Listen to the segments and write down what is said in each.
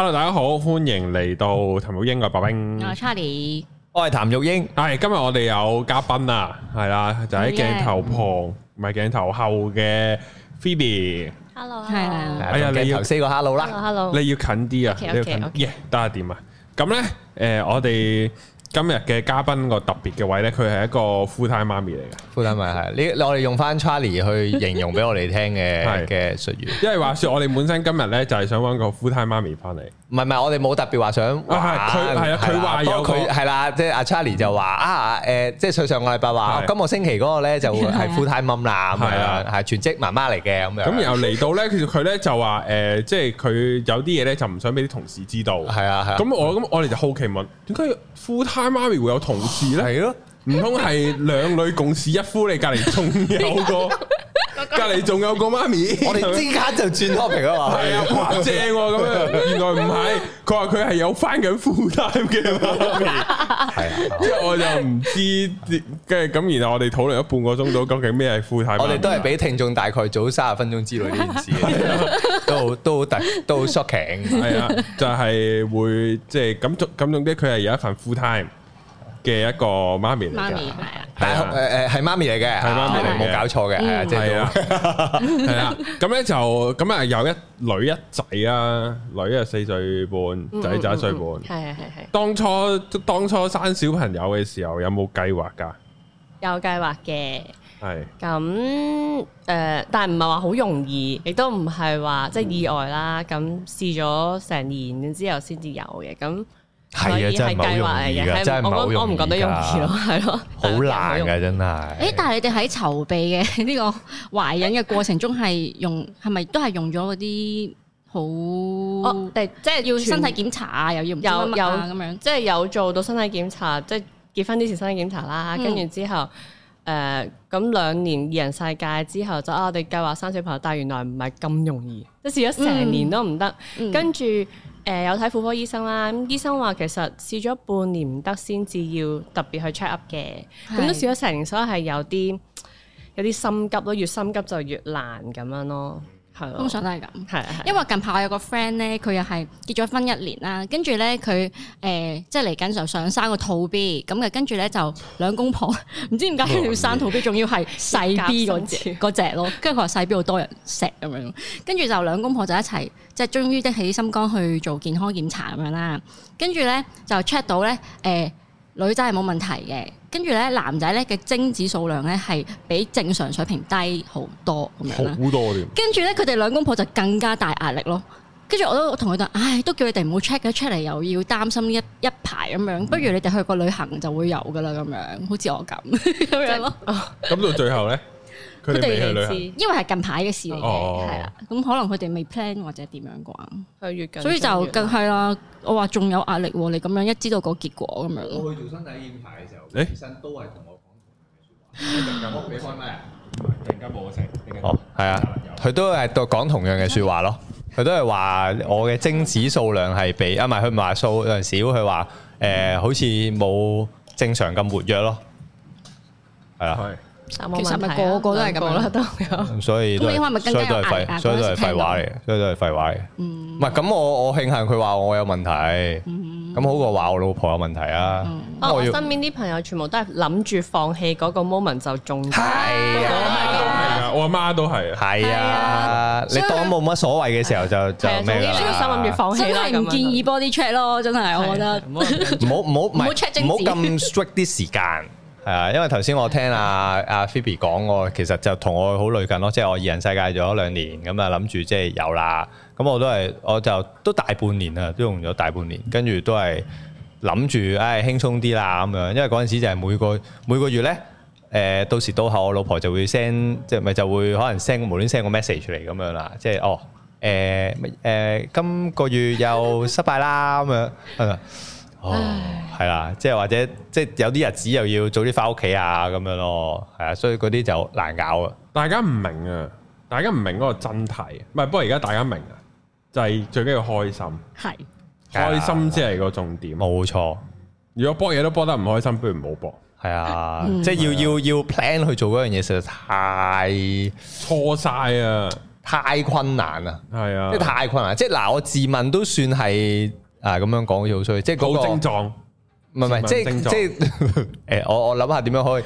hello，大家好，歡迎嚟到談育鷹同阿白兵，oh, 我係 Charlie 我係談育鷹，係今日我哋有嘉賓啊，係啦，就喺、是、鏡頭旁，唔係鏡頭後嘅 Phoebe，hello，係啊，哎呀、啊，你頭四個 hello 啦，hello，你要近啲啊，OK OK OK 得啊點啊，咁咧誒，我哋。今日嘅嘉賓個特別嘅位咧，佢係一個 full time 媽咪嚟嘅。full time，咪係，你我哋用翻 Charlie 去形容俾我哋聽嘅嘅術語。因為話說我哋本身今日咧就係想揾個 full time 媽咪翻嚟。唔係唔係，我哋冇特別話想。啊佢係話有佢係啦，即係阿 Charlie 就話啊誒，即係上上個禮拜話，今個星期嗰個咧就係 full time 啦，咁樣係全職媽媽嚟嘅咁樣。咁然後嚟到咧，其實佢咧就話誒，即係佢有啲嘢咧就唔想俾啲同事知道。係啊係。咁我咁我哋就好奇問，點解媽咪會有同事咧？係咯的，唔通係兩女共侍 一夫？你隔籬仲有個。 隔籬仲有個媽咪，我哋即刻就轉 topic 啊！係哇啊，哇正咁樣，原來唔係，佢話佢係有翻緊 fulltime 嘅係即係我就唔知跟住咁然後我哋討論咗半個鐘到度媽媽，究竟咩係 fulltime？我哋都係俾聽眾大概早三十分鐘之類呢件事 都，都都好突，都好 shocking，係啦、啊，就係、是、會即係咁總咁總啲，佢、就、係、是、有一份 fulltime。嘅一個媽咪嚟嘅，大誒誒係媽咪嚟嘅，係媽咪嚟，冇搞錯嘅，係啊，係啊，係啊，咁咧就咁啊，有一女一仔啊，女啊四歲半，仔仔一歲半，係係係。當初當初生小朋友嘅時候有冇計劃噶？有計劃嘅，係。咁誒，但係唔係話好容易，亦都唔係話即係意外啦。咁試咗成年之後先至有嘅，咁。係啊，真係唔容易噶，真係唔容易啊，我唔覺得容易咯，係咯，好難噶真係。誒，但係你哋喺籌備嘅呢個懷孕嘅過程中，係用係咪都係用咗嗰啲好，即係要身體檢查啊，又要唔有有咁樣，即係有做到身體檢查，即係結婚之前身體檢查啦。跟住之後誒，咁兩年二人世界之後，就啊，我哋計劃生小朋友，但原來唔係咁容易，即試咗成年都唔得，跟住。誒有睇婦科醫生啦，咁、嗯、醫生話其實試咗半年唔得先至要特別去 check up 嘅，咁是都試咗成年，所以係有啲有啲心急咯，越心急就越難咁樣咯。通常都係咁，是的 因為近排我有個 friend 咧，佢又係結咗婚一年啦，跟住咧佢誒即係嚟緊就想生個肚 B，咁啊跟住咧就兩公婆唔知點解要生肚 B，仲要係細 B 嗰隻嗰隻咯，跟住佢話細 B 好多人錫，咁樣，跟住就兩公婆就一齊即係終於的起心肝去做健康檢查咁樣啦，跟住咧就 check 到咧誒。呃女仔係冇問題嘅，跟住咧男仔咧嘅精子數量咧係比正常水平低好多咁多樣好多跟住咧，佢哋兩公婆就更加大壓力咯。跟住我都同佢哋，唉，都叫佢哋唔好 check 嘅 check 嚟又要擔心一一排咁樣，不如你哋去個旅行就會有噶啦咁樣，好似我咁咁樣咯。咁到最後咧？ 佢哋事，因為係近排嘅事嚟嘅，係啦，咁可能佢哋未 plan 或者點樣啩？係越近，所以就更係啦。我話仲有壓力，你咁樣一知道個結果咁樣。我去做身體驗牌嘅時候，誒，醫生都係同我講同樣嘅說話。又冇俾翻咩啊？突然間冇成，哦，係啊，佢都係講同樣嘅說話咯。佢都係話我嘅精子數量係比啊，唔係佢唔係話數量少，有陣時會話誒，好似冇正常咁活躍咯，係啊。其實個個都係咁啦，都有，所以都所以都係廢，所以都係廢話嘅，所以都係廢話嘅。唔係咁，我我慶幸佢話我有問題，咁好過話我老婆有問題啊。哦，我身邊啲朋友全部都係諗住放棄嗰個 moment 就中。係啊，我阿媽都係啊。係啊，你當冇乜所謂嘅時候就就咩啦。所以心諗住放棄啦。唔建議 body check 咯，真係我覺得。唔好唔好唔好 check 精子，唔好咁 strict 啲時間。係啊，因為頭先我聽阿阿 Phoebe 講我，其實就同我好類近咯，即係我二人世界咗兩年，咁啊諗住即係有啦，咁我都係，我就都大半年啦，都用咗大半年，跟住都係諗住，唉輕鬆啲啦咁樣，因為嗰陣時就係每個每個月咧，誒到時到後，我老婆就會 send，即係咪就會可能 send 無端端 send 個 message 出嚟咁樣啦，即係哦誒誒今個月又失敗啦咁樣，係啊。哦，係啦，即係或者即係有啲日子又要早啲翻屋企啊，咁樣咯，係啊，所以嗰啲就難搞啊。大家唔明啊，大家唔明嗰個真諦，唔係，不過而家大家明啊，就係最緊要開心，係開心先係個重點，冇錯。如果搏嘢都搏得唔開心，不如唔好搏。係啊，即係要要要 plan 去做嗰樣嘢，實在太錯晒啊，太困難啊，係啊，即係太困難。即係嗱，我自問都算係。啊，咁樣講好似好衰，即係嗰個。冇症狀，唔係唔係，即係即係，誒，我我諗下點樣可以，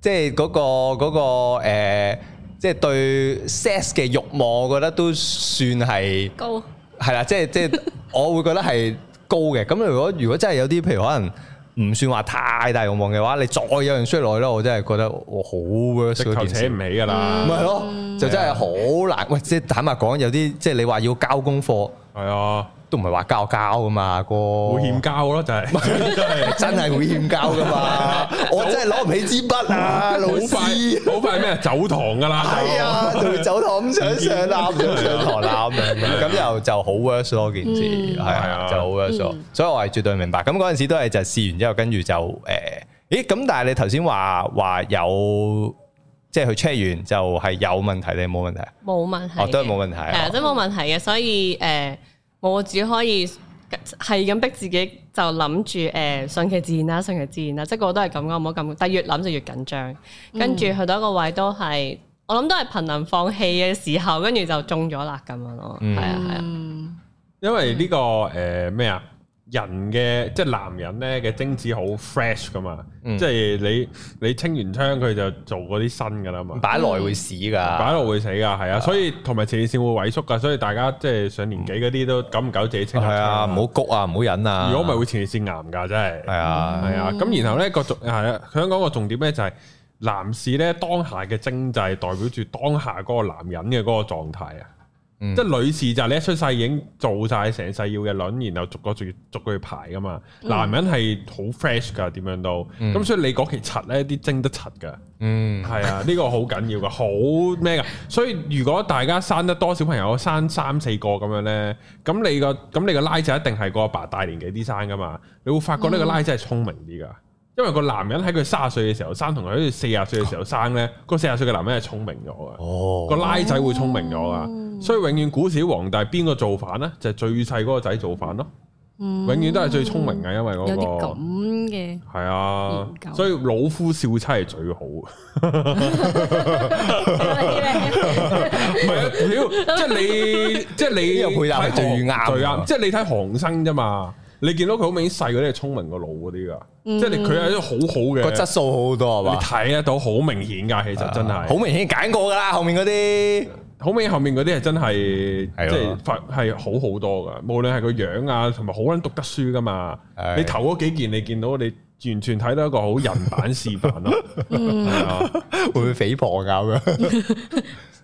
即係嗰個嗰個誒，即係對 sex 嘅慾望，我覺得都算係高，係啦，即係即係，我會覺得係高嘅。咁如果如果真係有啲，譬如可能唔算話太大慾望嘅話，你再有人衰落咧，我真係覺得好 chur 唔起噶啦，咪係咯，就真係好難。喂，即係坦白講，有啲即係你話要交功課，係啊。都唔係話交交噶嘛，個，會欠交咯，就係，真係會欠交噶嘛，我真係攞唔起支筆啊，老師，好快咩？走堂噶啦，係啊，就走堂唔想上啦，唔想上堂啦咁樣，咁又就好 worse 咯，件事係啊，就好 worse，所以我係絕對明白。咁嗰陣時都係就試完之後，跟住就誒，誒咁，但係你頭先話話有，即係去 check 完就係有問題定冇問題？冇問題，都係冇問題，係啊，都冇問題嘅，所以誒。我只可以係咁逼自己，就諗住誒，順其自然啦，順其自然啦。即係我都係咁噶，唔好咁。但係越諗就越緊張，跟住去到一個位都係，我諗都係瀕臨放棄嘅時候，跟住就中咗辣咁樣咯。係啊係啊，啊嗯、啊因為呢個誒咩啊？對，呃人嘅即係男人咧嘅精子好 fresh 噶嘛，即係你你清完槍佢就做嗰啲新噶啦嘛，擺耐會死噶，擺耐會死噶，係啊，所以同埋前列腺會萎縮噶，所以大家即係上年紀嗰啲都久唔久自己清下槍，係啊，唔好谷啊，唔好忍啊，如果唔係會前列腺癌㗎真係。係啊係啊，咁然後咧個重係啊，香港個重點咧就係男士咧當下嘅經濟代表住當下嗰個男人嘅嗰個狀態啊。嗯、即係女士就你一出世已經做晒成世要嘅卵，然後逐個逐個逐個去排噶嘛。嗯、男人係好 fresh 㗎，點樣都。咁、嗯、所以你嗰期柒咧，啲精得柒㗎。嗯，係啊，呢、呢個好緊要㗎，好咩㗎。所以如果大家生得多小朋友，生三四個咁樣咧，咁你個咁你個拉就一定係個阿爸大年紀啲生㗎嘛。你會發覺呢個拉真係聰明啲㗎。嗯。因為個男人喺佢三十歲嘅時候生，同佢喺四十歲嘅時候生咧，個四十歲嘅男人係聰明咗嘅。哦，個拉仔會聰明咗噶，所以永遠古時皇帝係邊個造反咧？就最細嗰個仔造反咯。永遠都係最聰明嘅，因為嗰個咁嘅係啊。所以老夫少妻係最好。唔係，屌，即係你，即係你又配合最啱，最啱，即係你睇韓生啫嘛。你見到佢好明顯細嗰啲係聰明的的、嗯、是是個腦嗰啲㗎，即係你佢係啲好好嘅，個質素好多係嘛？睇得到好明顯㗎，其實真係好明顯揀過㗎。後面嗰啲，好明顯後面嗰啲係真係的的即係發係好好多㗎。無論係個樣啊，同埋好撚讀得書㗎嘛。的你頭嗰幾件你見到，你完全睇到一個好人版示範咯，係的 會唔會匪婆㗎咁樣？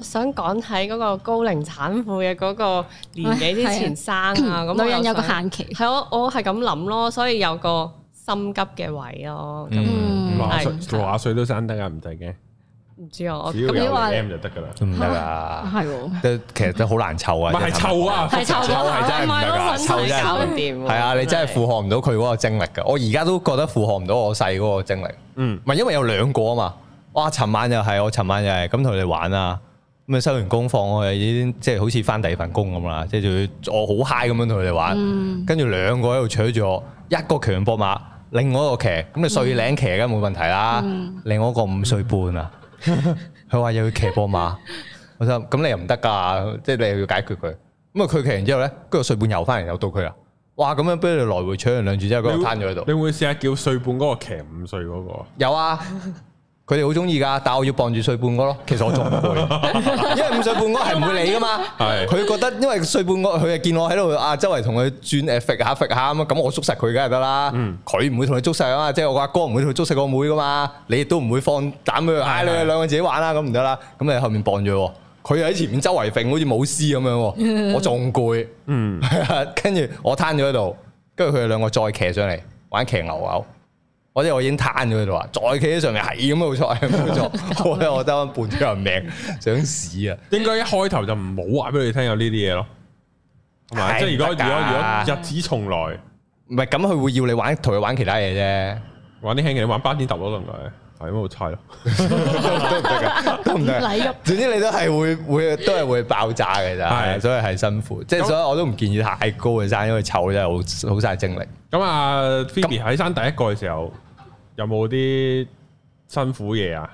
想講喺嗰個高齡產婦嘅嗰個年紀之前生啊，咁女人有個限期。係我我係咁諗咯，所以有個心急嘅位咯。咁八十歲都生得啊，唔使驚。唔知啊，只要有 M 就得噶啦，唔得啦。係喎，其實都好難湊啊。啊，係湊啊，係湊唔係咯，湊唔掂。係啊，你真係負荷唔到佢嗰個精力噶。我而家都覺得負荷唔到我細嗰個精力。嗯，唔係因為有兩個啊嘛。哇！尋晚又係，我尋晚又係咁同你玩啊！咁啊收完功放我，已經即係好似翻第二份工咁啦，即係就要我好 high 咁樣同佢哋玩，跟住兩個喺度扯住我，一個騎膊馬，另外一個騎，咁你歲零騎梗冇問題啦，另外一個五歲半啊，佢話、嗯嗯、 又要騎膊馬，我就咁你又唔得噶，即係你又要解決佢，咁啊佢騎完之後咧，嗰個歲半又翻嚟，又到佢啦，哇，咁樣俾你來回扯完兩轉之後，嗰會個癱咗喺度。你會試下叫歲半嗰個騎五歲嗰、嗰個？有啊。 佢哋好中意噶，但係我要傍住睡半個咯。其實我仲攰，因為五歲半個係唔會理噶嘛。係佢 覺得，因為睡半個，佢係見我喺度啊，周圍同佢轉誒揈下揈下咁，咁我捉實佢梗係得啦。佢唔、嗯、會同你捉實啊，即係我阿哥唔會同你捉實我妹噶嘛。你亦都唔會放膽去嗌佢兩個自己玩啦，咁唔得啦。咁你後面傍住，佢又喺前面周圍揈，好似舞獅咁樣。我仲攰，嗯，跟住 我攤咗喺度，跟住佢哋兩個再騎上嚟玩騎牛牛牛。我啲我已經攤咗喺度啊！再企喺上面係咁冇錯，冇、哎、錯，我 我得半條人命想屎啊！應該一開頭就唔好話俾你聽有呢啲嘢咯，係咪？即係如果如果如果日子重來，唔係咁佢會要你玩，同佢玩其他嘢啫。玩啲輕嘅，玩巴天達可咁，係係咩好差咯，都唔得噶，都唔得。總之你都係會會都係會爆炸嘅咋，不所以係辛苦。即係那所以我都唔建議太高嘅山，因為湊，真係好好嘥精力。咁啊，Phoebe 喺生第一個嘅時候。有冇啲辛苦嘢啊？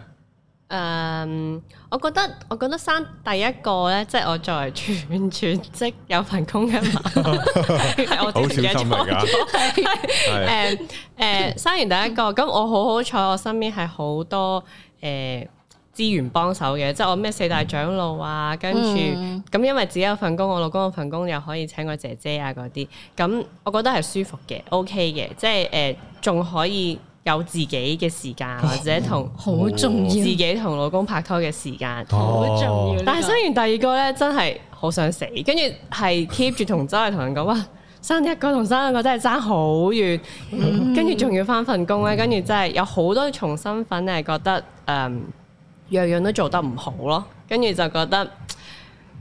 嗯，um, 我覺得我覺得生第一個咧，即係我作為全全職有份工嘅嘛，係 我第一份工。係誒誒， 生完第一個咁，我好好彩，我身邊係好多誒資、呃、源幫手嘅，即係我咩四大長老啊，嗯、跟住咁，因為自己有份工，我老公有份工，又可以請個姐姐啊嗰啲，咁我覺得係舒服嘅，OK 嘅，即係誒仲可以。有自己嘅時間或者同好重要，自己同老公拍拖嘅時間好、哦、重要。哦、但係生完第二個咧，真係好想死。跟住係 keep 住同周圍同人講話，生一個同生兩個真係爭好遠。跟住仲要返份工咧，跟住真係有好多重身份係覺得誒，樣、嗯、樣都做得唔好咯。跟住就覺得。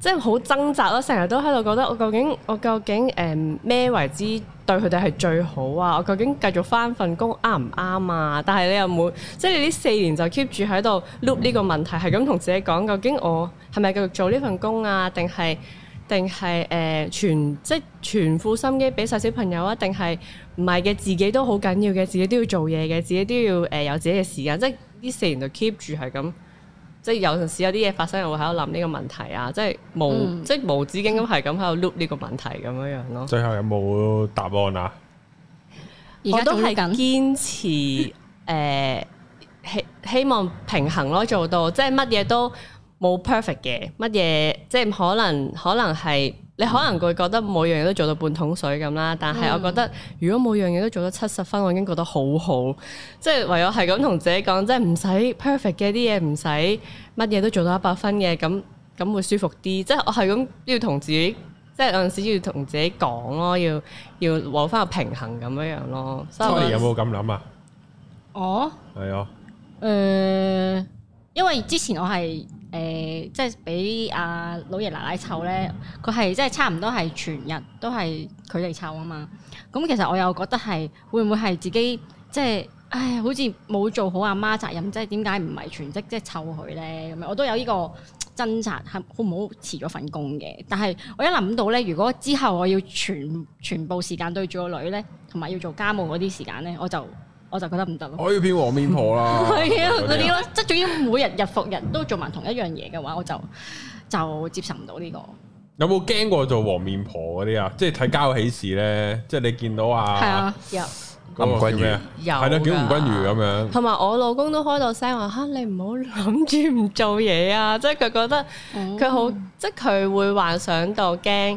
即係好掙扎咯，成日都喺度覺得我究竟我究竟誒咩、呃、為之對佢哋係最好啊？我究竟繼續返份工啱唔啱啊？但係你又冇，即係你呢四年就 keep 住喺度 look 呢個問題，係咁同自己講，究竟我係咪繼續做呢份工啊？定係定係誒全即全副心機俾晒小朋友啊？定係唔係嘅自己都好緊要嘅，自己都要做嘢嘅，自己都要誒、呃、有自己嘅時間。即係呢四年就 keep 住係咁。即係有陣時有啲嘢發生，又會喺度諗呢個問題啊！即係無、嗯、即係無止境咁係咁喺度 loop 呢個問題咁樣樣咯。嗯、最後有冇答案啊？而家我都係堅持誒希、 呃、希望平衡咯，做到即係乜嘢都。嗯冇 perfect 嘅乜嘢，即係可能可能係你可能會覺得每樣嘢都做到半桶水咁啦，但係我覺得、嗯、如果每樣嘢都做到七十分，我已經覺得好好，即係唯有係咁同自己講，即係唔使 perfect 嘅啲嘢，唔使乜嘢都做到一百分嘅，咁咁會舒服啲。即係我係咁要同自己，即係有陣時要同自己講咯，要要搵翻個平衡咁樣樣咯。所以有冇咁諗啊？哦的，係啊、呃，誒，因為之前我係。誒、呃，即係俾阿老爺奶奶湊咧，佢係即係差唔多係全日都係佢哋湊啊嘛。咁、嗯、其實我又覺得係會唔會係自己即係，唉，好似冇做好阿媽責任，即係點解唔係全職即係湊佢咧？咁樣我都有呢個掙扎，係好唔好辭咗份工嘅？但係我一諗到咧，如果之後我要全全部時間對住個女咧，同埋要做家務嗰啲時間咧，我就。我就覺得唔得咯，我要變黃面婆啦。係 啊，嗰啲咯， 即係總之每日日復日都做埋同一樣嘢嘅話，我就就接受唔到呢個。有冇驚過做黃面婆嗰啲啊？即係睇《家有喜事》咧，即係你見到啊，啊有吳君如有，係啦、啊，叫吳君如咁樣。同埋我老公都開到聲話嚇、啊，你唔好諗住唔做嘢啊！即係佢覺得佢好，嗯、即係佢會幻想到驚，誒、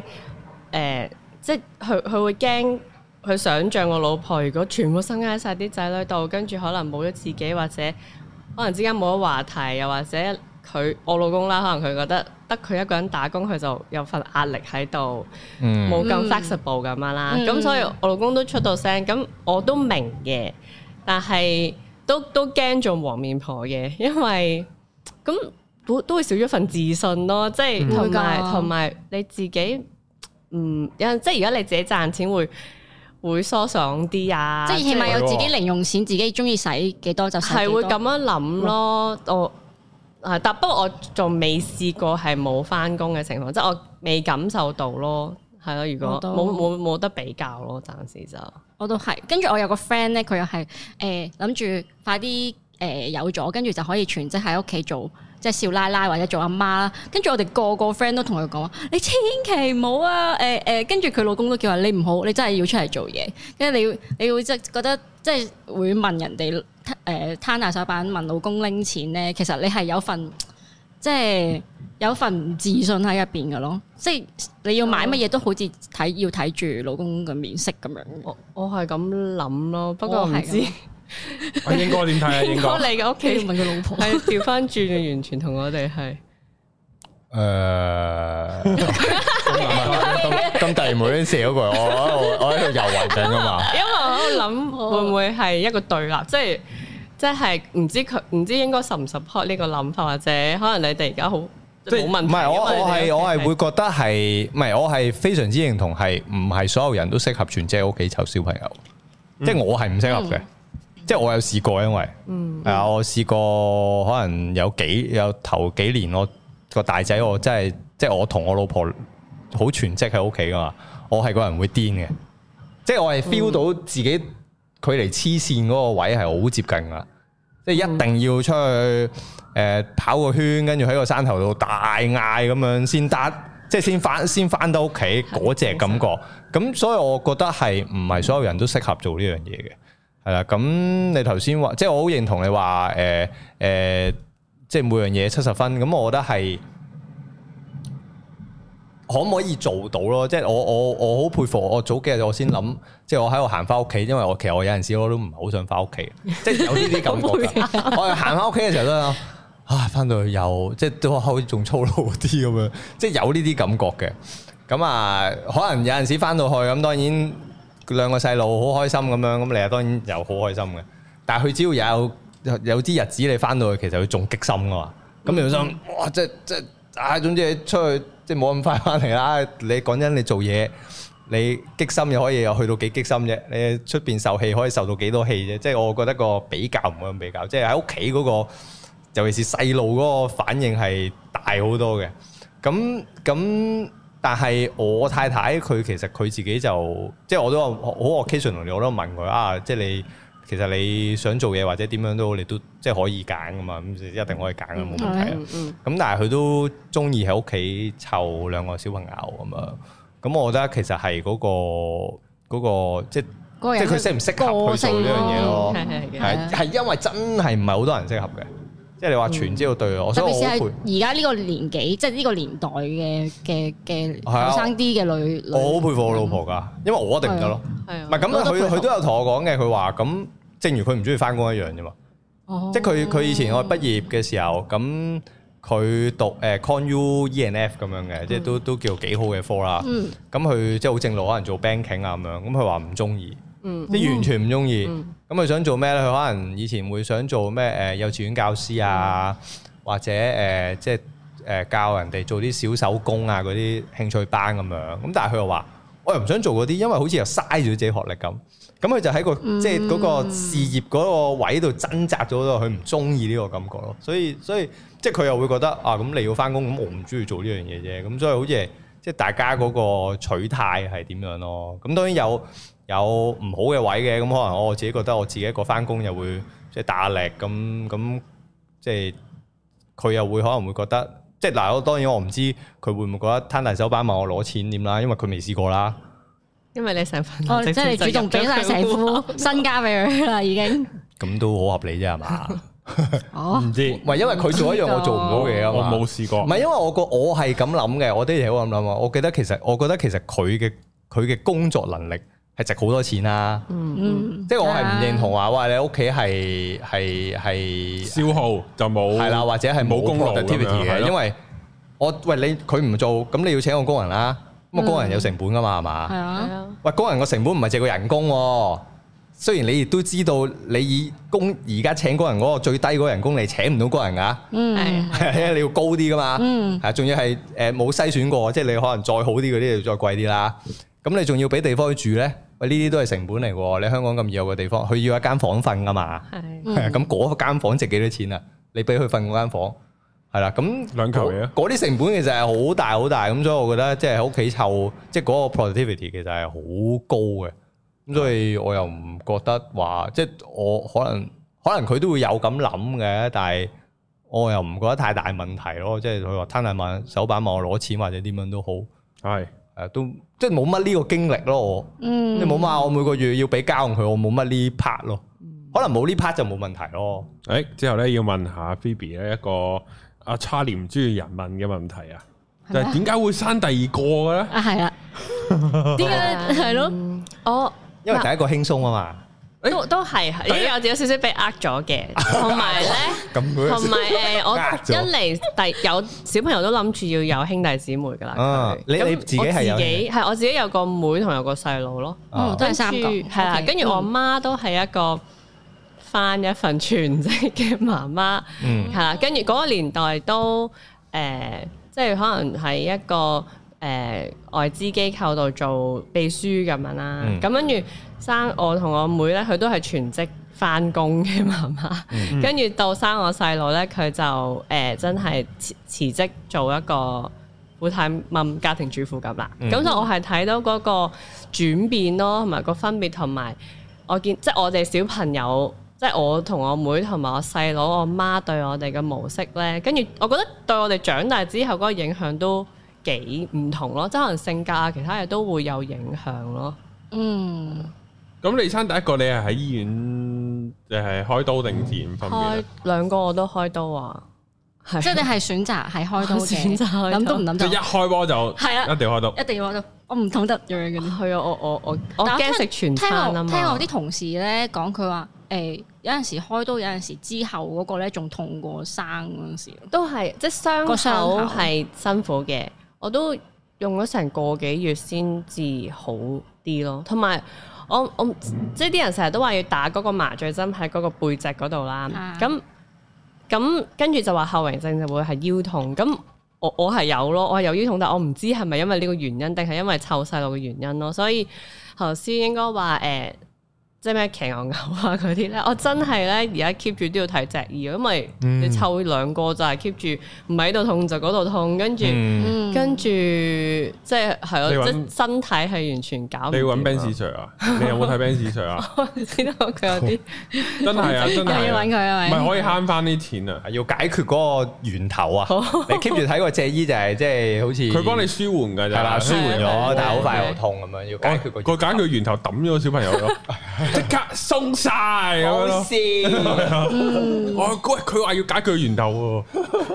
啊，即係佢佢會驚。佢想象我老婆如果全部生喺晒啲仔女度，跟住可能冇咗自己，或者可能之間冇咗話題，又或者佢我老公啦，可能佢覺得得佢一個人打工，佢就有份壓力喺度，冇咁 flexible 咁樣啦。咁、嗯、所以我老公都出到聲，咁、嗯、我都明嘅，但係都都驚做黃面婆嘅，因為咁都都會少咗份自信咯。即係同埋同埋你自己，嗯，因為即係而家你自己賺錢會。會疏爽啲啊！即係起碼有自己零用錢，哦、自己中意使幾多就係會咁樣諗咯。嗯、我啊，但不過我仲未試過係冇返工嘅情況，即係我未感受到咯。係咯，如果冇冇冇得比較咯，暫時就我都係。跟住我有個 friend 咧，佢又係誒諗住快啲誒、呃、有咗，跟住就可以全職喺屋企做。即係少奶奶或者做阿媽啦，跟住我哋個個 friend 都同佢講話，你千祈唔好啊！誒、呃、誒，跟住佢老公都叫話你唔好，你真係要出嚟做嘢，跟住你你會即係覺得即係會問人哋誒攤下手板問老公拎錢咧，其實你係有份即係有份唔自信喺入邊嘅咯，即係你要買乜嘢都好似睇、嗯、要睇住老公嘅面色咁樣，樣，樣。我我係咁諗咯，不過唔應該點睇啊？應該嚟嘅屋企唔係佢老婆，係調翻轉， 完全同我哋係誒，咁弟妹寫嗰個，我我喺度猶豫緊啊嘛，我我我我因為喺度諗會唔會係一個對立，好即係即係唔知佢唔知應該 support 呢個諗法，或者可能你哋而家好即係冇問題，唔係我我係我係會覺得係唔係我係非常之認同係唔係所有人都適合全職屋企湊小朋友，即係、嗯、我係唔適合嘅。嗯即係我有試過，因為誒，我試過可能有幾有頭幾年，我個大仔我真係即係我同我老婆好全職喺屋企噶嘛，我係個人會癲嘅，即係我係 feel 到自己距離黐線嗰個位係好接近噶，嗯、即係一定要出去誒、呃、跑個圈，跟住喺個山頭度大嗌咁樣先得，即係先翻先翻到屋企嗰隻感覺。咁、嗯嗯、所以我覺得係唔係所有人都適合做呢樣嘢嘅。係啦，咁你頭先話，即係我好認同你話，誒、呃、誒、呃，即係每樣嘢七十分，咁我覺得係可唔可以做到咯？即係我我我好佩服，我早幾日我先諗，即係我喺度行翻屋企，因為我其實我有陣時我都唔係好想翻屋企，即係有呢啲感覺。 我行翻屋企嘅時候都係，啊翻到去又即係都好似仲粗魯啲咁樣，即係有呢啲感覺嘅。咁啊，可能有陣時翻到去咁，當然。兩個細路好開心咁樣，咁你啊當然又好開心嘅。但係佢只要有有啲日子你翻到去，其實會仲激心㗎嘛。咁你想，哇！即係即係，啊，總之你出去即係冇咁快翻嚟啦。你講真，你做嘢，你激心又可以又去到幾激心啫？你出邊受氣可以受到幾多氣啫？即係我覺得個比較唔會咁比較，即係喺屋企嗰個，尤其是細路嗰個反應係大好多嘅。咁咁。但係我太太佢其實佢自己就即係我都好 occasionally 我都問佢啊，即係你其實你想做嘢或者點樣都你都即係可以揀噶嘛？咁就一定可以揀冇問題咁、嗯嗯、但係佢都中意喺屋企湊兩個小朋友咁樣，咁我覺得其實係嗰、嗰個、嗰個、即係個人即係佢適唔適合去做呢樣嘢咯，係係、啊、因為真係唔係好多人適合嘅。即係你話全知道對我，所以我好佩服。而家呢個年紀，即係呢個年代嘅嘅嘅後生啲嘅女，我好佩服我老婆㗎，因為我一定唔得咯。係啊，唔係咁，佢佢都有同我講嘅，佢話咁，正如佢唔中意翻工一樣啫嘛。即係佢佢以前我畢業嘅時候，咁佢讀誒 con u e and f 咁樣嘅，即係都都叫幾好嘅科啦。咁佢即係好正路，可能做 banking 啊咁樣。咁佢話唔中意。即完全唔中意。咁佢、嗯、想做咩咧？佢可能以前會想做咩？誒、呃，幼稚園教師啊，嗯、或者誒，即係誒教人哋做啲小手工啊，嗰啲興趣班咁樣。咁但係佢又話，我又唔想做嗰啲，因為好似又嘥咗自己學歷咁。咁佢就喺、個即係嗰個事業嗰個位度掙扎咗咯。佢唔中意呢個感覺咯。所以所以即係佢又會覺得啊，咁你要翻工，咁我唔中意做呢樣嘢啫。咁所以好似即係大家嗰個取態係點樣咯？咁當然有。有唔好嘅位嘅，咁可能我我自己覺得我自己一個翻工又會即係打壓力咁咁，即係佢又會可能會覺得，即係嗱，我當然我唔知佢會唔會覺得攤大手板問我攞錢點啦，因為佢未試過啦。因為你成副，哦，你即係主動俾晒成副身家俾佢啦，已經。咁都好合理啫，係嘛？哦，唔知，唔係因為佢做一樣我做唔到嘢啊，我冇試過。唔係因為我個我係咁諗嘅，我啲嘢我咁諗啊，我記得其實我覺得其實佢嘅佢嘅工作能力。係值好多錢啦、啊，嗯、即係我係唔認同話話你屋企係係係消耗就冇，係啦，或者係冇功勞嘅，因為我喂，你佢唔做，咁你要請個工人啦、啊，咁啊工人有成本㗎嘛，係嘛、嗯？係啊吧，喂，工人個成本唔係淨個人工、啊、喎，雖然你亦都知道你以工而家請工人嗰個最低個人工你請唔到工人㗎、啊，嗯， 你要高啲㗎嘛，嗯，仲要係誒冇篩選過，嗯、即係你可能再好啲嗰啲就再貴啲啦，咁你仲要俾地方去住咧？喂，呢啲都係成本嚟喎！你香港咁熱嘅地方，佢要一間房瞓㗎嘛。係的。咁嗰間房值幾多錢啊？你俾佢瞓嗰間房，係啦。咁兩球嘢。嗰啲成本其實係好大好大，咁所以我覺得即係喺屋企湊，即係嗰個 productivity 其實係好高嘅。咁所以我又唔覺得話，即係我可能可能佢都會有咁諗嘅，但係我又唔覺得太大問題咯。即係佢話攤大手板問我攞錢或者點樣都好。係的。誒、啊、都。即係冇乜呢個經歷咯，我、嗯，你冇話我每個月要俾家用佢，我冇乜呢 part 咯，嗯、可能冇呢 part 就冇問題咯。誒、欸，之後咧要問下 Phoebe 咧一個阿 Charlie 唔中意人問嘅問題啊，但係點解會生第二個咧？啊係嗎 啊，點解係咯？哦，因為第一個輕鬆啊嘛。都都係，已經有少少被呃咗嘅。同埋咧，同埋誒， 我一嚟，第有小朋友都諗住要有兄弟姊妹㗎啦。你你自己係自己係我自己有個妹同有個細佬咯。嗯，後都係三個。係啦對，跟住 okay, 我媽都係一個返一份全職嘅媽媽。嗯，係啦，跟住嗰個年代都誒、呃，即係可能係一個，誒、呃、外資機構度做秘書咁樣啦，咁跟住生我同我妹咧，佢都係全職返工嘅嘛，嗯嗯、跟住到生我細佬咧，佢就誒、呃、真係辭辭職做一個富太太家庭主婦咁啦。咁、嗯、就我係睇到嗰個轉變咯，同埋個分別，同埋我見即係、就是、我哋小朋友，即、就、係、是、我同我妹同埋我細佬、我媽對我哋嘅模式咧，跟住我覺得對我哋長大之後嗰個影響都幾唔同咯，即係可能性格啊，其他嘢都會有影響咯。嗯，咁你生第一個你係喺醫院，即係開刀定自然分娩？開兩個我都開刀啊，即係你係選擇係開刀先就，諗都唔諗。即一開波就係啊，一定開刀，一定要開刀。我唔懂得樣樣嘢。啊，我我我我驚食全餐啊嘛。聽我啲同事咧講佢話，誒有陣時開刀，有陣時之後嗰個咧仲痛過生嗰陣時。都係即係傷口係辛苦嘅。我都用咗成個幾月先至好啲咯，同埋我我即係啲人成日都話要打嗰個麻醉針喺嗰個背脊嗰度啦，咁咁跟住就話後遺症就會係腰痛，咁我我係有咯，我係有腰痛，但我唔知係咪因為呢個原因，定係因為湊細路嘅原因咯，所以頭先應該話誒。欸即係咩騎牛牛啊嗰啲咧，我真係咧而家 keep 住都要睇脊醫，因為你湊兩個就係 keep 住唔喺度痛就嗰度痛，跟住跟住即係我即係身體係完全搞唔掂。你揾 Ben Sir 啊？你有冇睇 Ben Sir 啊？知道佢有啲真係啊！真係。又要揾佢係咪？唔係可以慳翻啲錢啊！要解決嗰個源頭啊！你 keep 住睇個脊醫就係即係好似佢幫你舒緩㗎咋，就係啦，舒緩咗，但係好快又痛咁樣。要解決佢。佢揀佢源頭，揼咗個小朋友咯。即刻鬆晒，我佢佢話要解決源頭喎，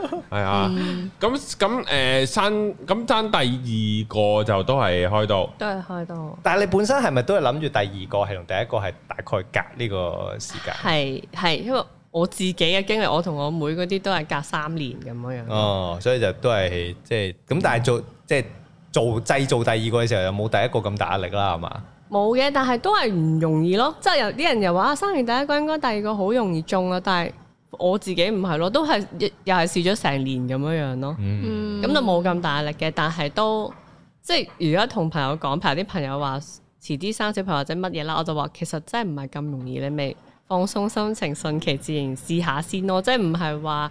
係、嗯、啊。咁咁誒爭咁爭第二個就都係開到，都係開到。但係你本身係咪都係諗住第二個係同第一個係大概隔呢個時間？係係，因為我自己嘅經歷，我同我妹嗰啲都係隔三年咁樣。哦、嗯，所以就都係即係咁，但係做即係做製造第二個嘅時候，又冇第一個咁大壓力啦，係嘛？冇嘅，但係都係唔容易咯。即係有啲人又話，啊，生完第一個應該第二個好容易中啊，但係我自己唔係咯，都係又係試咗成年咁樣樣咯。咁就冇咁大力嘅，但係都即係如果同朋友講，譬如啲朋友話遲啲生小朋友或者乜嘢啦，我就話其實真係唔係咁容易，你咪放鬆心情，順其自然試下先咯，即係唔係話。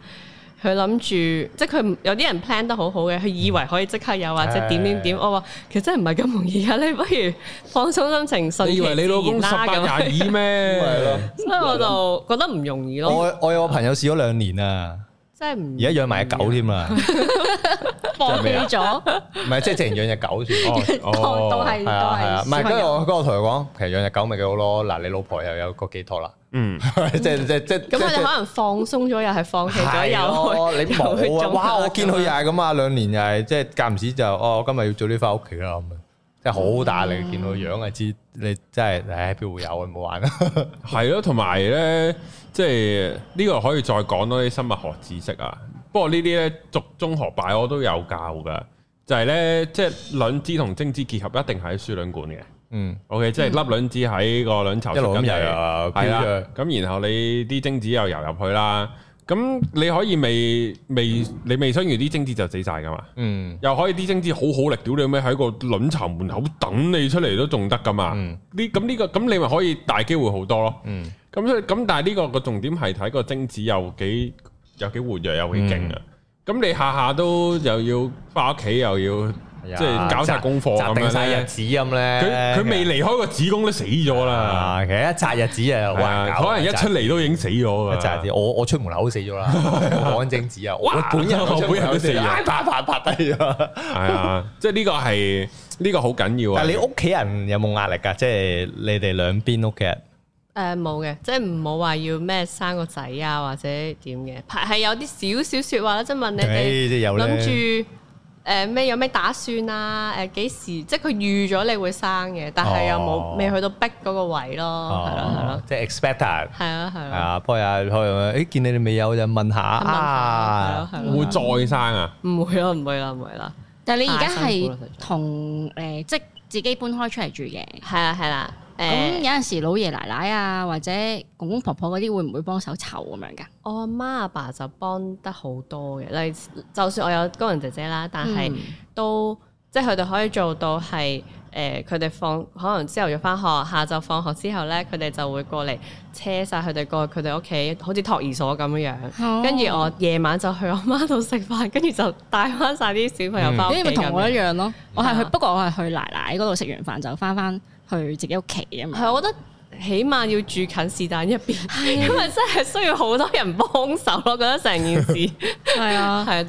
佢諗住，即係佢有啲人 plan 得好好嘅，佢以為可以即刻有或者點點點。的我話其實真係唔係咁容易㗎！你不如放鬆心情，順其自然，你以為你老公十八廿二咩？所以我就覺得唔容易咯。我我有個朋友試咗兩年啊，即係而家養埋狗添啦。 放棄咗，唔係即係之前養隻狗，算部都係係啊係唔係，跟住我嗰同佢講，其實養隻狗咪幾好咯。嗱，你老婆又有個寄託啦，嗯，即係即係即係咁，佢哋可能放鬆咗又係放棄咗有，你冇啊？哇！我見佢又係咁啊，兩年又係即係間唔時就哦，今日要早啲翻屋企啦咁樣，即係好大力。見到樣啊，知你真係唉，邊會有啊，冇玩啊？係咯，同埋咧即係呢個可以再講多啲生物學知識啊。不過呢啲咧，讀中學擺我都有教噶，就係、是、咧，即係卵子同精子結合一定係喺輸卵管嘅。嗯，OK，即係粒卵子喺個卵巢，一攞入係啦。咁、啊嗯、然後你啲精子又游入去啦，咁你可以未未，嗯、你未相遇啲精子就死晒噶嘛。嗯，又可以啲精子好好力，屌你咩喺個卵巢門口等你出嚟，都仲得噶嘛。呢咁呢個咁你咪可以大機會好多咯。嗯，咁所以咁但係呢個個重點係睇個精子有幾。有幾活躍，有幾勁啊！咁你下下都又要翻屋企，又要即係搞曬功課，扎定曬日子咁咧。佢佢未離開個子宮都死咗啦。其實一扎日子啊，可能一出嚟都已經死咗噶。扎子，我我出門口死咗啦，講正字啊！哇，本人我本人都死啦，啪啪啪低咗。係啊，即係呢個係呢個好緊要啊！但係你屋企人有冇壓力㗎？即係你哋兩邊屋企人。誒，冇嘅，即係唔好話要咩生個仔啊，或者點嘅，係有啲少少說話啦，即係問你哋諗住誒咩有咩打算啊？誒幾時即係佢預咗你會生嘅，但係又冇未去到逼嗰個位咯，係咯，係咯，即係 expected 係啊係啊 point 下 point 下誒見你哋未有就問下啊，會再生啊？唔會啦唔會啦唔會啦，但係你而家係同誒即係自己搬開出嚟住嘅，係啊，係啦。咁、嗯、有陣時，老爺奶奶啊，或者公公婆婆嗰啲，會唔會幫手湊咁樣噶？我阿媽阿爸就幫得好多嘅，例就算我有工人姐姐啦，但係都、嗯、即係佢哋可以做到係誒，佢、呃、哋放可能朝頭要翻學，下晝放學之後咧，佢哋就會過嚟車晒佢哋過去佢哋屋企，好似托兒所咁樣。跟住、哦、我夜晚就去我媽度食飯，跟住就帶翻晒啲小朋友翻、嗯。誒咪同我一樣咯，我係去，啊、不過我係去奶奶嗰度食完飯就翻翻，去自己屋企啊嘛，係，我覺得起碼要住近是但一邊，的因為真係需要好多人幫手咯，我覺得成件事係啊，係。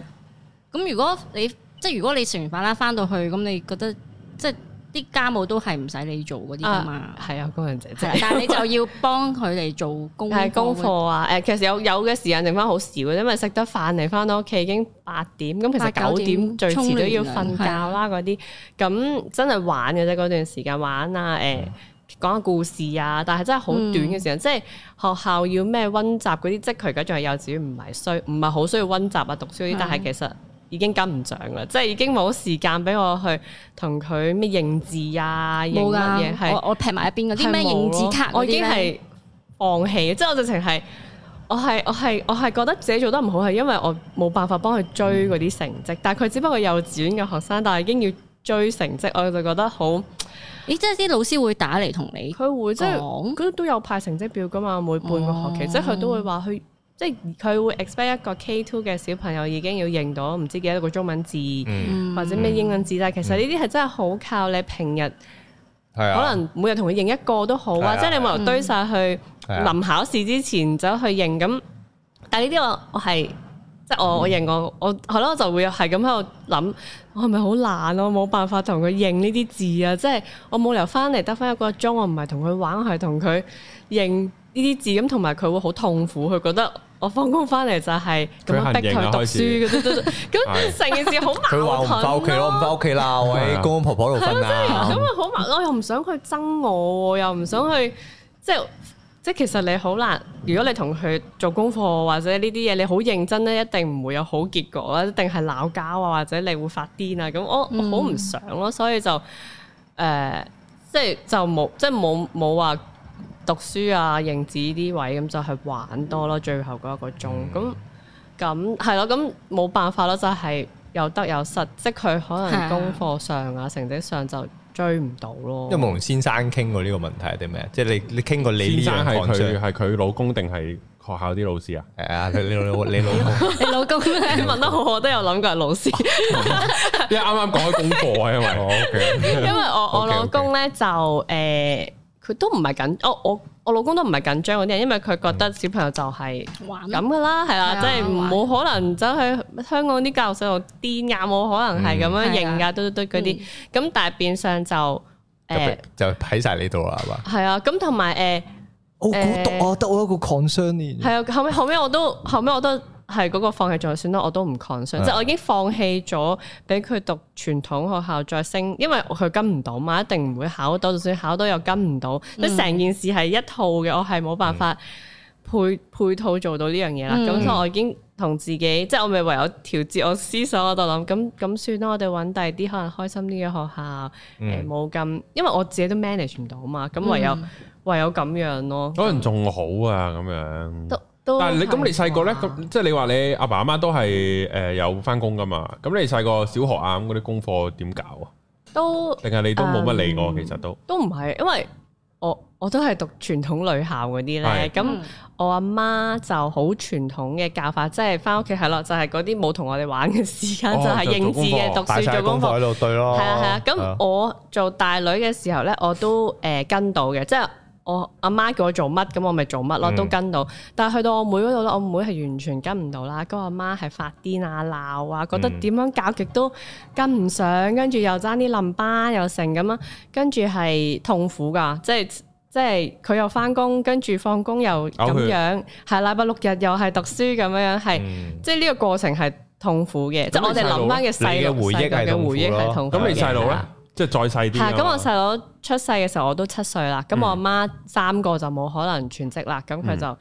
咁如果你即係如果你食完飯啦返到去，咁你覺得即係。啲家務都係唔使你做嗰啲㗎嘛，係啊，工人姐姐。 但係你就要幫佢哋做功功課啊。誒， 其實有有嘅時間剩翻好少嘅，因為食得飯嚟翻到屋企已經八點。咁其實九點最遲都要瞓覺啦，嗰啲。咁真係玩嘅啫，嗰段的時間玩，玩啊，誒、欸、講下故事啊。但係真係好短嘅時間，嗯、即係學校要咩温習嗰啲，即係佢而家仲係幼稚園，唔係需唔係好需要温習啊，讀書啲。但係其實。已經跟唔上啦，即係已經冇時間俾我去同佢咩認字啊，的認乜嘢？我我擗埋一邊嗰啲咩認字卡，我已經係放棄。即係是、嗯、我直情係，我係我係我係覺得自己做得唔好，係因為我冇辦法幫佢追嗰啲成績。嗯、但係佢只不過幼稚園嘅學生，但係已經要追成績，我就覺得好。咦？即係啲老師會打嚟同你？佢會即係，佢講都有派成績表㗎嘛？每半個學期，嗯、即係佢都會話去。嗯即係佢會 expect 一個 K2 嘅小朋友已經要認到唔知幾多個中文字，嗯、或者咩英文字，嗯、但係其實呢啲係真係好靠你平日、嗯、可能每日同佢認一個都好啊，嗯、即係你冇由堆晒去臨、嗯、考試之前走去認咁。但係呢啲我、即係、我係即係我我認我我係咯、嗯，我就會係咁喺度諗，我係咪好懶咯？我冇辦法同佢認呢啲字啊！即係我冇理由翻嚟得翻一個鐘，我唔係同佢玩，我係同佢認呢啲字咁，同埋佢會好痛苦，佢覺得。我放工翻嚟就係咁樣逼佢讀書嘅、啊，都咁成件事好矛盾咯、啊。 唔翻屋企咯，唔翻屋企啦，我喺公公婆婆度瞓啊。 咁啊好矛盾，又唔想去憎我，又唔想去、嗯，即係即係其實你好難。如果你同佢做功課或者呢啲嘢，你好認真咧，一定唔會有好結果啦，一定係鬧交啊，或者你會發癲啊。咁我我好唔想咯，所以就誒、呃、即係就冇即係冇冇話。讀書啊、認字啲位咁就去玩多咯，嗯、最後嗰一個鐘咁咁係咯，咁冇辦法咯，就係、是、有得有實質，即佢可能功課上啊、是啊成績上就追唔到咯。一冇同先生傾過呢個問題定咩？即係你你傾過你呢樣係佢係佢老公定係學校啲老師啊？誒 啊，你你你老公你老公你問得好，我都有諗過係老師。因為啱啱講咗功課啊，因為、啊 okay. 因為我我老公咧就誒。Okay, okay. 佢都唔係緊張，哦我我老公都唔係緊張嗰啲人，因為佢覺得小朋友就係咁噶啦，係啊玩，即係冇可能走去香港啲教育水度癲噶，冇可能係咁樣認噶，嘟嘟嘟嗰啲。咁但係變相就誒、嗯呃、就喺晒呢度啦，係嘛？係、呃、啊，咁同埋誒好孤獨啊，得我一個 concern 係啊，後尾後尾我都後尾我都。係嗰個放棄仲算啦，我都唔抗想，即係我已經放棄咗，俾佢讀傳統學校再升，因為佢跟唔到嘛，一定唔會考到，就算考到又跟唔到，即成件事係一套嘅，我係冇辦法配配套做到呢樣嘢啦。咁所以我已經同自己，即係我咪唯有調節我思想嗰度諗，咁咁算啦，我哋揾第二啲可能開心啲嘅學校，誒冇咁，因為我自己都 manage 唔到嘛，咁唯有唯有咁樣咯。可能仲好啊，咁樣。但係你咁你細個咧咁，即係你話你阿爸阿媽都係誒有翻工噶嘛？咁你細個小學啊咁嗰啲功課點搞啊？都，定係你都冇乜理我？其實都都唔係，因為我我都係讀傳統女校嗰啲咧。咁我阿媽就好傳統嘅教法，即係翻屋企係咯，就係嗰啲冇同我哋玩嘅時間，就係應試嘅讀書做功課喺度。對咯，係啊係啊。咁我做大女嘅時候咧，我都誒跟到嘅，即係。我阿媽叫我做乜，咁我咪做乜咯，嗯、都跟到。但係去到我妹嗰度咧，我妹係完全跟唔到啦。嗰、嗰個阿媽係發癲啊、鬧啊，覺得點樣教極都跟唔上，跟住又爭啲冧班又成咁樣，跟住係痛苦噶。即係即係佢又翻工，跟住放工又咁樣，係禮拜六日又係讀書咁樣，係、嗯、即係呢個過程係痛苦嘅。即係、嗯、我哋諗翻嘅細路仔嘅回憶係痛苦嘅。咁你細路咧？即係再細啲。係咁，我細佬出世嘅時候，我都七歲啦。咁、嗯、我阿媽，媽三個就冇可能全職啦，咁佢就誒、嗯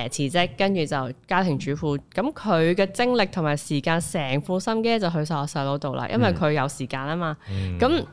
呃、辭職，跟住就家庭主婦。咁佢嘅精力同埋時間，成副心機就去晒我細佬度啦，因為佢有時間啊嘛。咁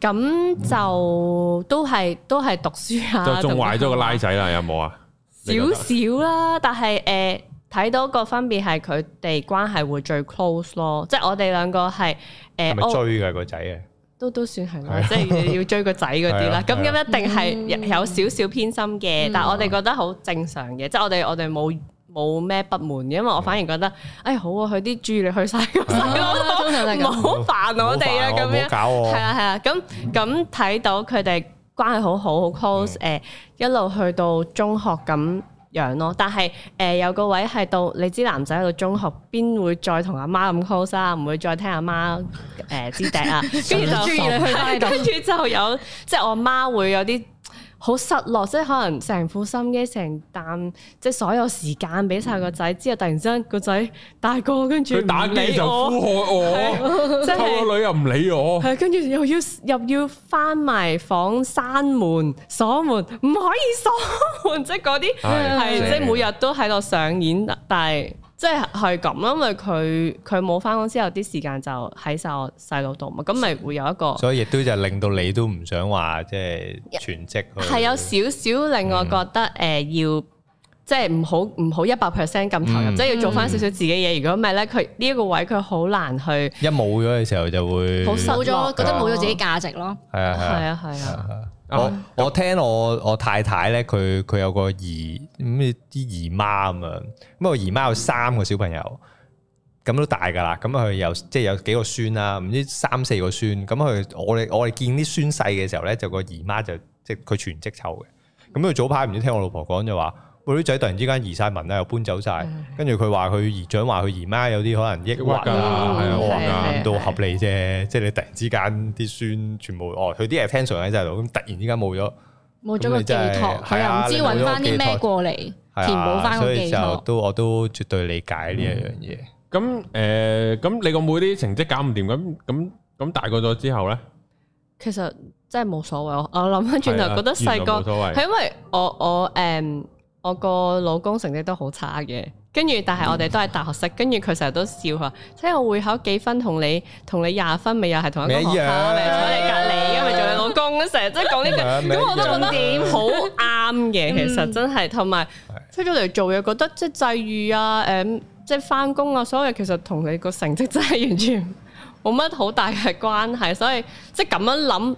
咁、嗯、就都係都係讀書啊。就仲、嗯、壞咗個拉仔啦，有冇啊？少少啦，但係誒睇到個分別係佢哋關係會最 close 咯。即係我哋兩個係咪、呃、追嘅個仔啊。都都算係啦，即係要追個仔嗰啲啦，咁咁一定係有少少偏心嘅，但係我哋覺得好正常嘅，即係我哋我哋冇冇咩不滿，因為我反而覺得，哎好啊，佢啲注意力去晒咁，好煩我哋啊咁樣，係啊係啊，咁咁睇到佢哋關係好好好 close，誒一路去到中學咁。樣咯，但係誒、呃、有個位係到你知男仔喺度中學，邊會再同阿媽咁 close 啊？唔會再聽阿媽誒支、呃、笛啊，跟住 就，跟住 就有即係我媽會有啲。好失落，即係可能成副心機、成啖即係所有時間俾晒個仔，之後突然之間個仔大個，跟住佢打機就呼喊我，即係個女又唔理我，係跟住又要又要返埋房、閂門鎖門，唔可以鎖門，即係嗰啲係即係每日都喺度上演，但係，即係咁咯，因為佢佢冇翻工之後啲時間就喺晒我細路度嘛，咁咪會有一個。所以亦都就令到你都唔想話即係全職。係有少少令我覺得誒、嗯呃，要即係唔好唔好一百 percent 咁投入，即係、嗯、要做翻少少自己嘢。如果唔係咧，佢呢一個位佢好難去。一冇咗嘅時候就會。好收咗，啊、覺得冇咗自己價值咯。係啊係啊係啊。我我聽我我太太咧，佢佢有個姨咩啲姨媽咁樣，咁我姨媽有三個小朋友，咁都大噶啦，咁佢又即係有幾個孫啦，唔知三四個孫，咁佢我哋我哋見啲孫細嘅時候咧，媽就個姨媽就即係佢全職湊嘅，咁佢早排唔知聽我老婆講就話。我啲仔突然之間移晒文啊，又搬走晒。跟住佢話佢姨丈話佢姨媽有啲可能抑鬱啊，係啊，咁都合理啫。即係你突然之間啲孫全部哦，佢啲 attention 喺正度，咁突然之間冇咗，冇咗個寄託，又唔知揾翻啲咩過嚟，填補翻個寄託。所以就都我都絕對理解呢一樣嘢。咁誒，咁你個妹啲成績搞唔掂，咁咁咁大個咗之後咧，其實真係冇所謂。我我諗翻轉頭覺得細個係因為我我誒。我個老公成績都好差嘅，跟住但係我哋都係大學識，跟住佢成日都笑話，即係我會考幾分同你同你廿分，咪又係同一個學校，坐麼你隔離，因為 做你老公，成日即係講呢句，咁麼我都覺得好啱嘅，其實真係，同埋、嗯、出咗嚟做嘢，覺得即係際遇啊，誒、嗯，即係翻工啊，所有其實同你個成績真係完全冇乜好大嘅關係，所以即係咁樣諗。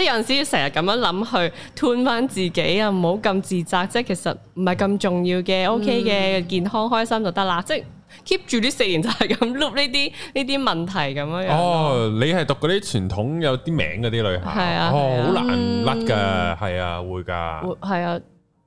即有陣時成日咁樣諗去 turn 翻自己啊，唔好咁自責。即係其實唔係咁重要嘅，嗯、OK 嘅，健康開心就得啦。即係 keep 住啲四年就係咁 look 呢啲呢啲問題咁樣。哦，嗯，你係讀嗰啲傳統有啲名嗰啲旅行，係啊，好，啊哦啊，難甩㗎，係、嗯、啊，會㗎，係啊，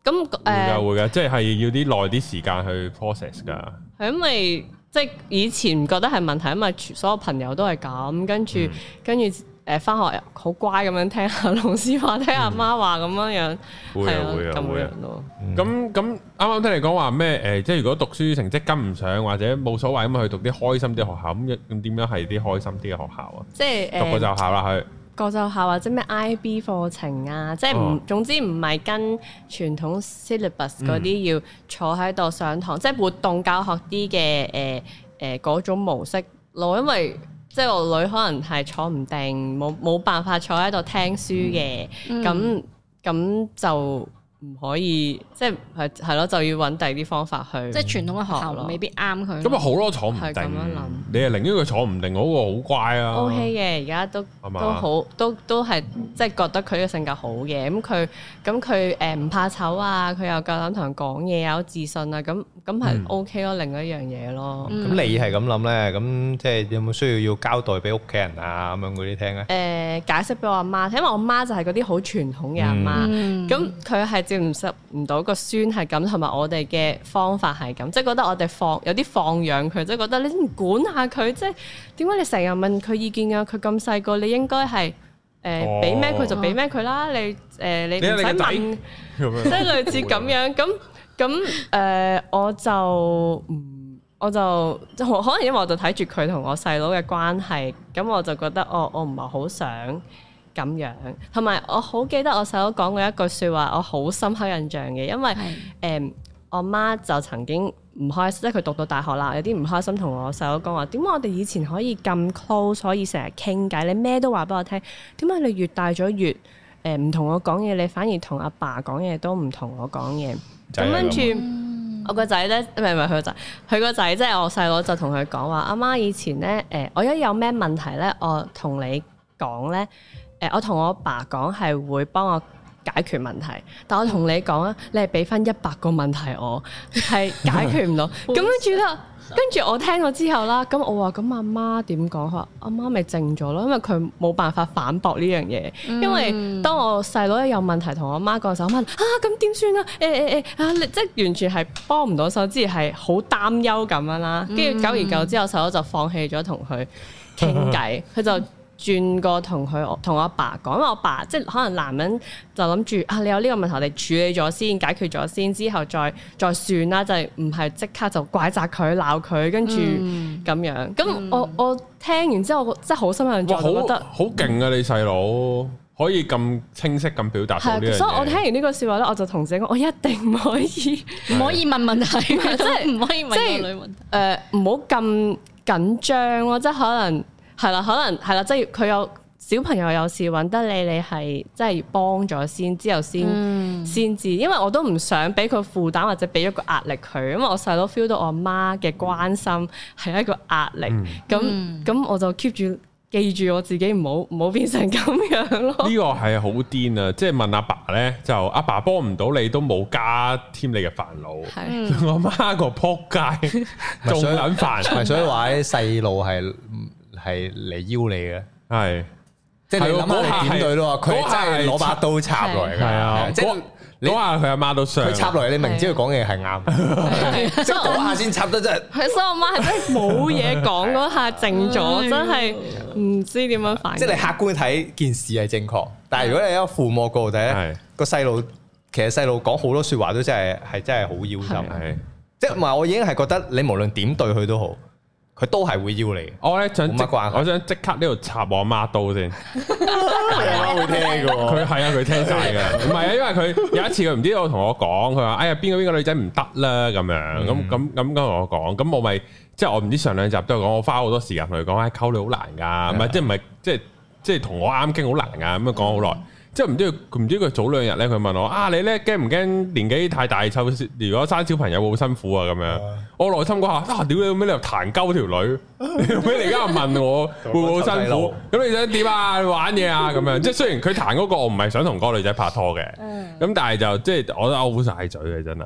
咁誒會㗎，即係要啲耐啲時間去 process 㗎。係因為即係以前覺得係問題，因為所有朋友都係咁，跟住跟住。跟誒翻學好乖咁、嗯、樣聽下老師話，聽阿媽話咁樣樣，會啊樣會啊咯。咁咁啱啱聽你講話咩？誒，即係如果讀書成績跟唔上或者冇所謂，咁去讀啲開心啲學校咁。咁點樣係啲開心啲嘅學校啊？即係讀個就校啦，呃、去個就校或者咩 IB 課程啊？即係唔總之唔係跟傳統 syllabus 嗰啲、哦、要坐喺度上堂，即係活動教學啲嘅誒誒嗰種模式咯。因為即係我女可能係坐唔定，冇冇辦法坐喺度聽書嘅，咁咁、嗯、就唔可以，即係係係咯，就是、要揾第二啲方法去。即係傳統嘅學校未必啱佢。咁啊好咯，多坐唔定。咁樣諗，你啊寧願佢坐唔定，嗰個好乖啊。OK 嘅，而家都是是都好，都都係即係覺得佢嘅性格好嘅。咁佢咁佢誒唔怕醜啊，佢又夠膽同人講嘢啊，好自信啊咁。咁係 OK 咯，另一樣嘢咯。咁你係咁諗咧？咁即係有冇需要要交代俾屋企人啊咁樣嗰啲聽咧？誒，解釋俾我阿媽聽，因為我媽就係嗰啲好傳統嘅阿媽。咁佢係接受唔到個孫係咁，同埋我哋嘅方法係咁，即係覺得我哋放有啲放養佢，即係覺得你唔管下佢，即係點解你成日問佢意見啊？佢咁細個，你應該係誒俾咩佢就俾咩佢啦。你誒你唔使問，即係類似咁樣咁。咁誒、呃，我就唔，我就就可能因為我就睇住佢同我細佬嘅關係，咁我就覺得、哦、我我唔係好想咁樣。同埋我好記得我細佬講過一句説話，我好深刻印象嘅，因為誒是、呃、我媽就曾經唔開心，即係佢讀到大學啦，有啲唔開心弟弟，同我細佬講話點解我哋以前可以咁 close，所以成日傾偈，你咩都話俾我聽，點解你越大咗越誒唔同我講嘢，你反而同阿爸講嘢都唔同我講嘢。咁跟住我個仔咧，唔係唔係佢個仔，佢個仔即係我細佬就同佢講話，阿媽以前咧，誒、呃、我一有咩問題咧，我同你講咧，誒、呃、我同我阿爸講係會幫我解決問題，但我同你講啊，嗯、你係俾翻一百個問題我，係解決唔到，咁跟住咧。 跟住我聽咗之後啦，咁我話：咁阿媽點講？佢話：阿媽咪靜咗咯，因為佢冇辦法反駁呢樣嘢。嗯、因為當我細佬有問題同我媽講時候，問啊咁點算啊？誒誒誒啊！你即係完全係幫唔到手，之係好擔憂咁樣啦。跟住、嗯、久而久之，我細佬就放棄咗同佢傾偈，佢 就。轉過同佢同我阿爸講，因為我爸即係、就是、可能男人就諗住啊，你有呢個問題，你處理咗先，解決咗先，之後再再算啦，就係唔係即刻就怪責佢鬧佢，跟住咁樣。咁、嗯、我我聽完之後真係好心慶祝，我覺得好勁啊！你細佬可以咁清晰咁表達到。係，所以我聽完呢個笑話咧，我就同自己講：我一定唔可以唔可以問問題，即係唔可以問女問題。唔好咁緊張咯，即係可能。係啦，可能係啦，即係佢有小朋友有事搵得你，你係即係幫咗先，之後先、嗯、先至，因為我都唔想俾佢負擔或者俾一個壓力佢，因為我細佬 feel 到我媽嘅關心係一個壓力，咁咁我就 keep 住記住我自己，唔好唔好變成咁樣咯。呢個係好癲啊！即係問阿爸呢，就阿爸幫唔到你都冇加添你嘅煩惱，的我媽個扑街，仲想搵煩，所以話啲細路係。係嚟邀你嘅，係即係嗰下點對咯？佢真係攞把刀插落嚟，係啊！即係你話佢阿媽都想，佢插嚟，你明知佢講嘢係啱，即係嗰下先插得真係。所以阿媽係真係冇嘢講，嗰下靜咗，真係唔知點樣反應。即係你客觀睇件事係正確，但係如果你一個父母角度咧，個細路其實細路講好多說話都真係係真係好要心，係即係唔係？我已經係覺得你無論點對佢都好。佢都係會要你，我咧想即我想即刻呢度插我媽刀先，佢、 啊、會聽嘅，佢係 啊佢聽晒嘅，唔係啊，因為佢有一次佢唔知道我同我講，佢話哎呀邊個邊個女仔唔得啦咁樣，咁咁咁咁同我講，咁我咪即係我唔知上兩集都有講，我花好多時間同佢講，哎溝女好難噶、啊，唔係即係唔係即係即係同我啱傾好難噶、啊，咁樣講好耐。嗯即係唔知佢唔知佢早兩日咧，佢問我啊，你咧驚唔驚年紀太大，湊如果生小朋友會好辛苦啊？咁樣、嗯、我內心嗰下，啊，屌你咩？你又彈鳩條女，你做而家又問我會唔會好辛苦？咁你想點啊？玩嘢啊？咁樣即係雖然佢彈嗰個，我個，嗯，我唔係想同嗰個女仔拍拖嘅，咁但係就即係我都歐晒嘴嘅，真係、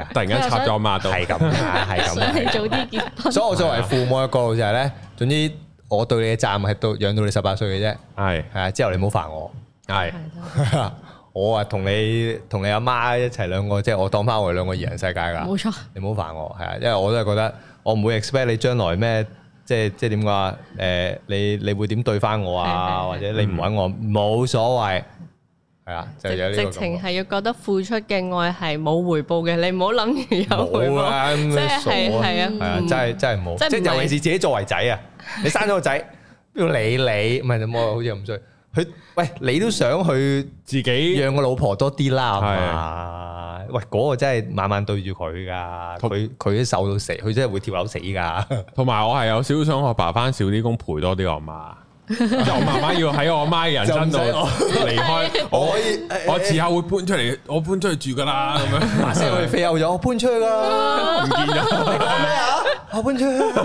啊、突然間插咗阿媽到，係咁係咁。早啲結婚都所以我作為父母一個就係、是、咧，總之我對你嘅責任係到養到你十八歲嘅啫。係係啊，之後你唔好煩我。係，我啊同你同你阿媽一齊兩個，即係我當翻我哋兩個二人世界噶。冇錯，你唔好煩我，係啊，因為我都係覺得我唔會 expect 你將來咩，即係即係點講啊？誒，你你會點對翻我啊？或者你唔搵我，冇所謂，係啊，就係有呢個。直情係要覺得付出嘅愛係冇回報嘅，你唔好諗住有回報，即係係啊，係啊，真係真係冇。即係尤其是自己作為仔啊，你生咗個仔，邊度理你？唔係你摸，好似又唔衰。佢喂，你都想去自己養個老婆多啲啦，係嘛？喂，嗰、那個真係晚晚對住佢噶，佢佢都瘦到死，佢真係會跳樓死噶。同埋我係有少少想學爸返少啲工，陪多啲我嘛。啊又 慢慢要喺我媽嘅人生度離開，我我遲下會搬出嚟，我搬出去住噶啦，咁樣，我哋退休咗，我搬出去噶，唔 見咗，咩啊？我搬出去，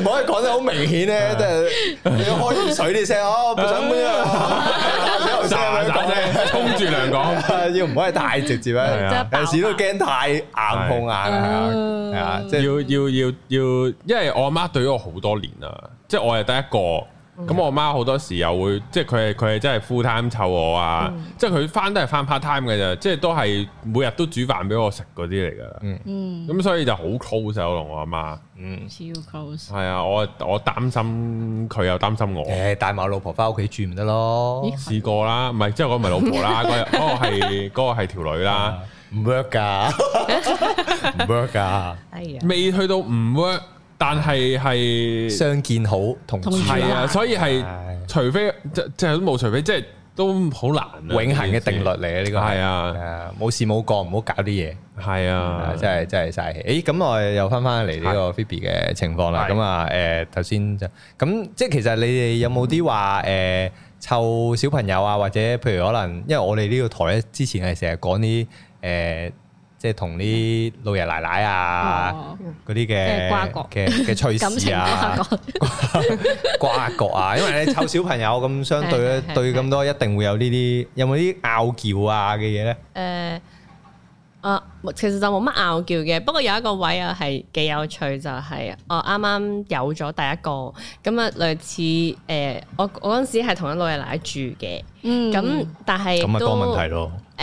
唔 可以講得好明顯啫，即係 開完水你先、 哦，我唔想搬啊。 即係我衝住兩講， 要唔可以太直接咧，有時、 啊 啊、都驚太硬碰硬啊！ 啊，即、嗯、係、啊就是、要要要要，因為我阿媽對咗我好多年啦，即、就、係、是、我係得一個。咁我媽好多時又會，即係佢係佢係真係 full time 湊我啊，嗯、即係佢翻都係翻 part time 嘅啫，即係都係每日都煮飯俾我食嗰啲嚟㗎。嗯，咁所以就好 close 我同我阿媽。嗯，close。係啊，我我擔心佢又擔心我。誒、欸，帶埋老婆翻屋企住唔得咯？咦試過啦，唔係即係我個唔係老婆啦，嗰 個係嗰、嗰個、嗰個、條女啦，唔、嗯、work 㗎，唔 work 㗎的，未、哎、呀去到唔 work。但係係相見好同係住啊，所以係除非對 即即係都冇，除非即係都好難、啊。永恆嘅定律嚟嘅呢個係啊，冇對 對 事冇過唔好搞啲嘢。係啊對 對，真係真係嘥氣。誒，咁我又翻翻嚟呢個 Phoebe 嘅情況啦。咁啊誒頭先就咁即係其實你哋有冇啲話誒湊小朋友啊，或者譬如可能因為我哋呢個台咧之前係成日講啲誒。呃呃呃呃呃即係同啲老爺奶奶啊，嗰啲嘅嘅嘅趣事啊，瓜葛啊，因為你湊小朋友咁相對咧對咁多，一定會有呢啲有冇啲拗撬啊嘅嘢咧？誒啊，其實就冇乜拗撬嘅，不過有一個位啊係幾有趣，就係我啱啱有咗第一個咁啊，類似誒，我我嗰陣時係同一老爺奶奶住嘅，嗯，咁但係都咁啊多問題咯。誒，即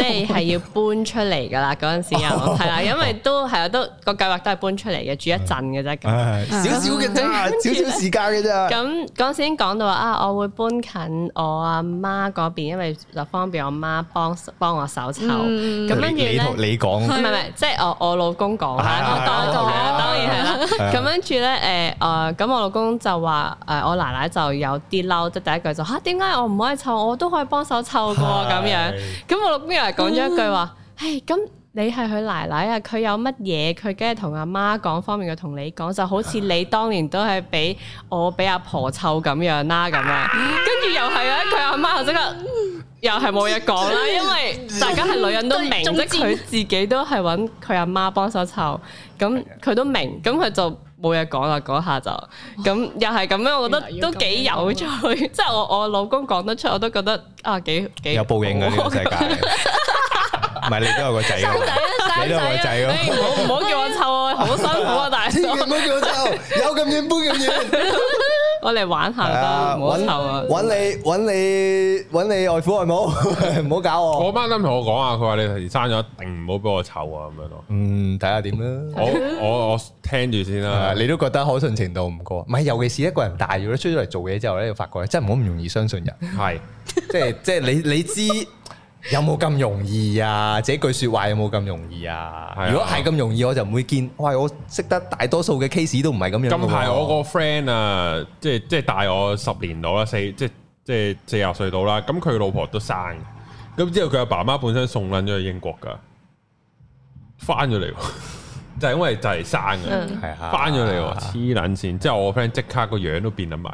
係要搬出嚟噶啦！嗰陣時又係啦，因為都係啊，都個計劃都係搬出嚟嘅，住一陣嘅啫，咁少少嘅啫，少少時間嘅啫。咁嗰陣時已經講到話啊，我會搬近我阿媽嗰邊，因為就方便我媽幫幫我手湊。咁跟住咧，你講唔係唔係即係我我老公講，當然係啦。咁跟住咧，誒誒，咁我老公就話誒，我奶奶就有啲嬲，即係第一句就嚇點解我唔可以湊，我都可以幫手湊個咁樣。咁我老公又嚟講咗一句話、嗯，唉，咁你係佢奶奶啊，佢有乜嘢佢梗係同阿媽講，方便嘅同你講，就好似你當年都係俾我俾阿婆湊咁樣啦，咁啊，跟住又係啊，佢阿媽即刻又係冇嘢講啦，因為大家係女人都明，嗯、即佢自己都係揾佢阿媽幫手湊，咁佢都明，咁佢就冇嘢講啦，嗰下就咁又係咁樣，我覺得都幾有趣。 即係我我老公講得出，我都覺得啊幾幾有報應嘅呢個世界。唔係 你都有個仔嘅，仔仔咯，仔仔咯。唔好唔好叫我臭好、啊、 辛苦啊大哥。千祈唔好叫我臭，有咁遠，搬咁遠。我嚟玩下都唔好湊啊！揾你揾你揾你外父外母，唔好 搞我。 班我媽啱同我講啊，佢話你遲生咗，一定唔好畀我湊啊咁樣咯。嗯，睇下點啦。 我我我聽住先啦。 你都覺得可信程度唔高。唔係，尤其是一個人大咗出咗嚟做嘢之後咧，要發覺真係唔好咁容易相信人。係是，即係即係你你知。有冇咁容易啊？這句說話有冇咁容易啊？啊如果係咁容易，我就唔會見。哇！我識得大多數嘅 case 都唔係咁樣。近排我個 friend 啊，即係即係大我十年到啦，四即係即係四十歲到啦。咁佢老婆都生，咁之後佢阿爸媽本身送撚咗去英國噶，翻咗嚟，就係、是、因為就係生嘅，翻咗嚟，黐撚線。啊、之後我 friend 即刻個樣都變得埋。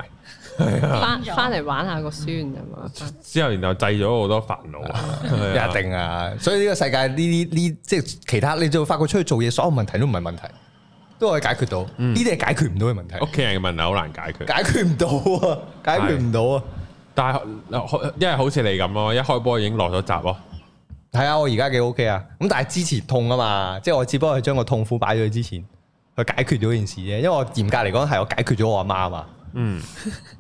翻翻嚟玩下個孫啫嘛，之後然後製咗好多煩惱，一定啊，所以呢個世界呢啲呢即係其他，你就發覺出去做嘢，所有問題都唔係問題，都可以解決到。呢啲係解決唔到嘅問題。屋企人嘅問題好難解決，解決唔到啊，解決唔到啊。啊但係因為好似你咁咯，一開波已經落咗閘咯。係啊，我而家幾 OK 啊，咁但係之前痛啊嘛，即係我只不過係將個痛苦擺咗去之前，去解決咗件事啫。因為我嚴格嚟講係我解決咗我阿媽嘛。嗯，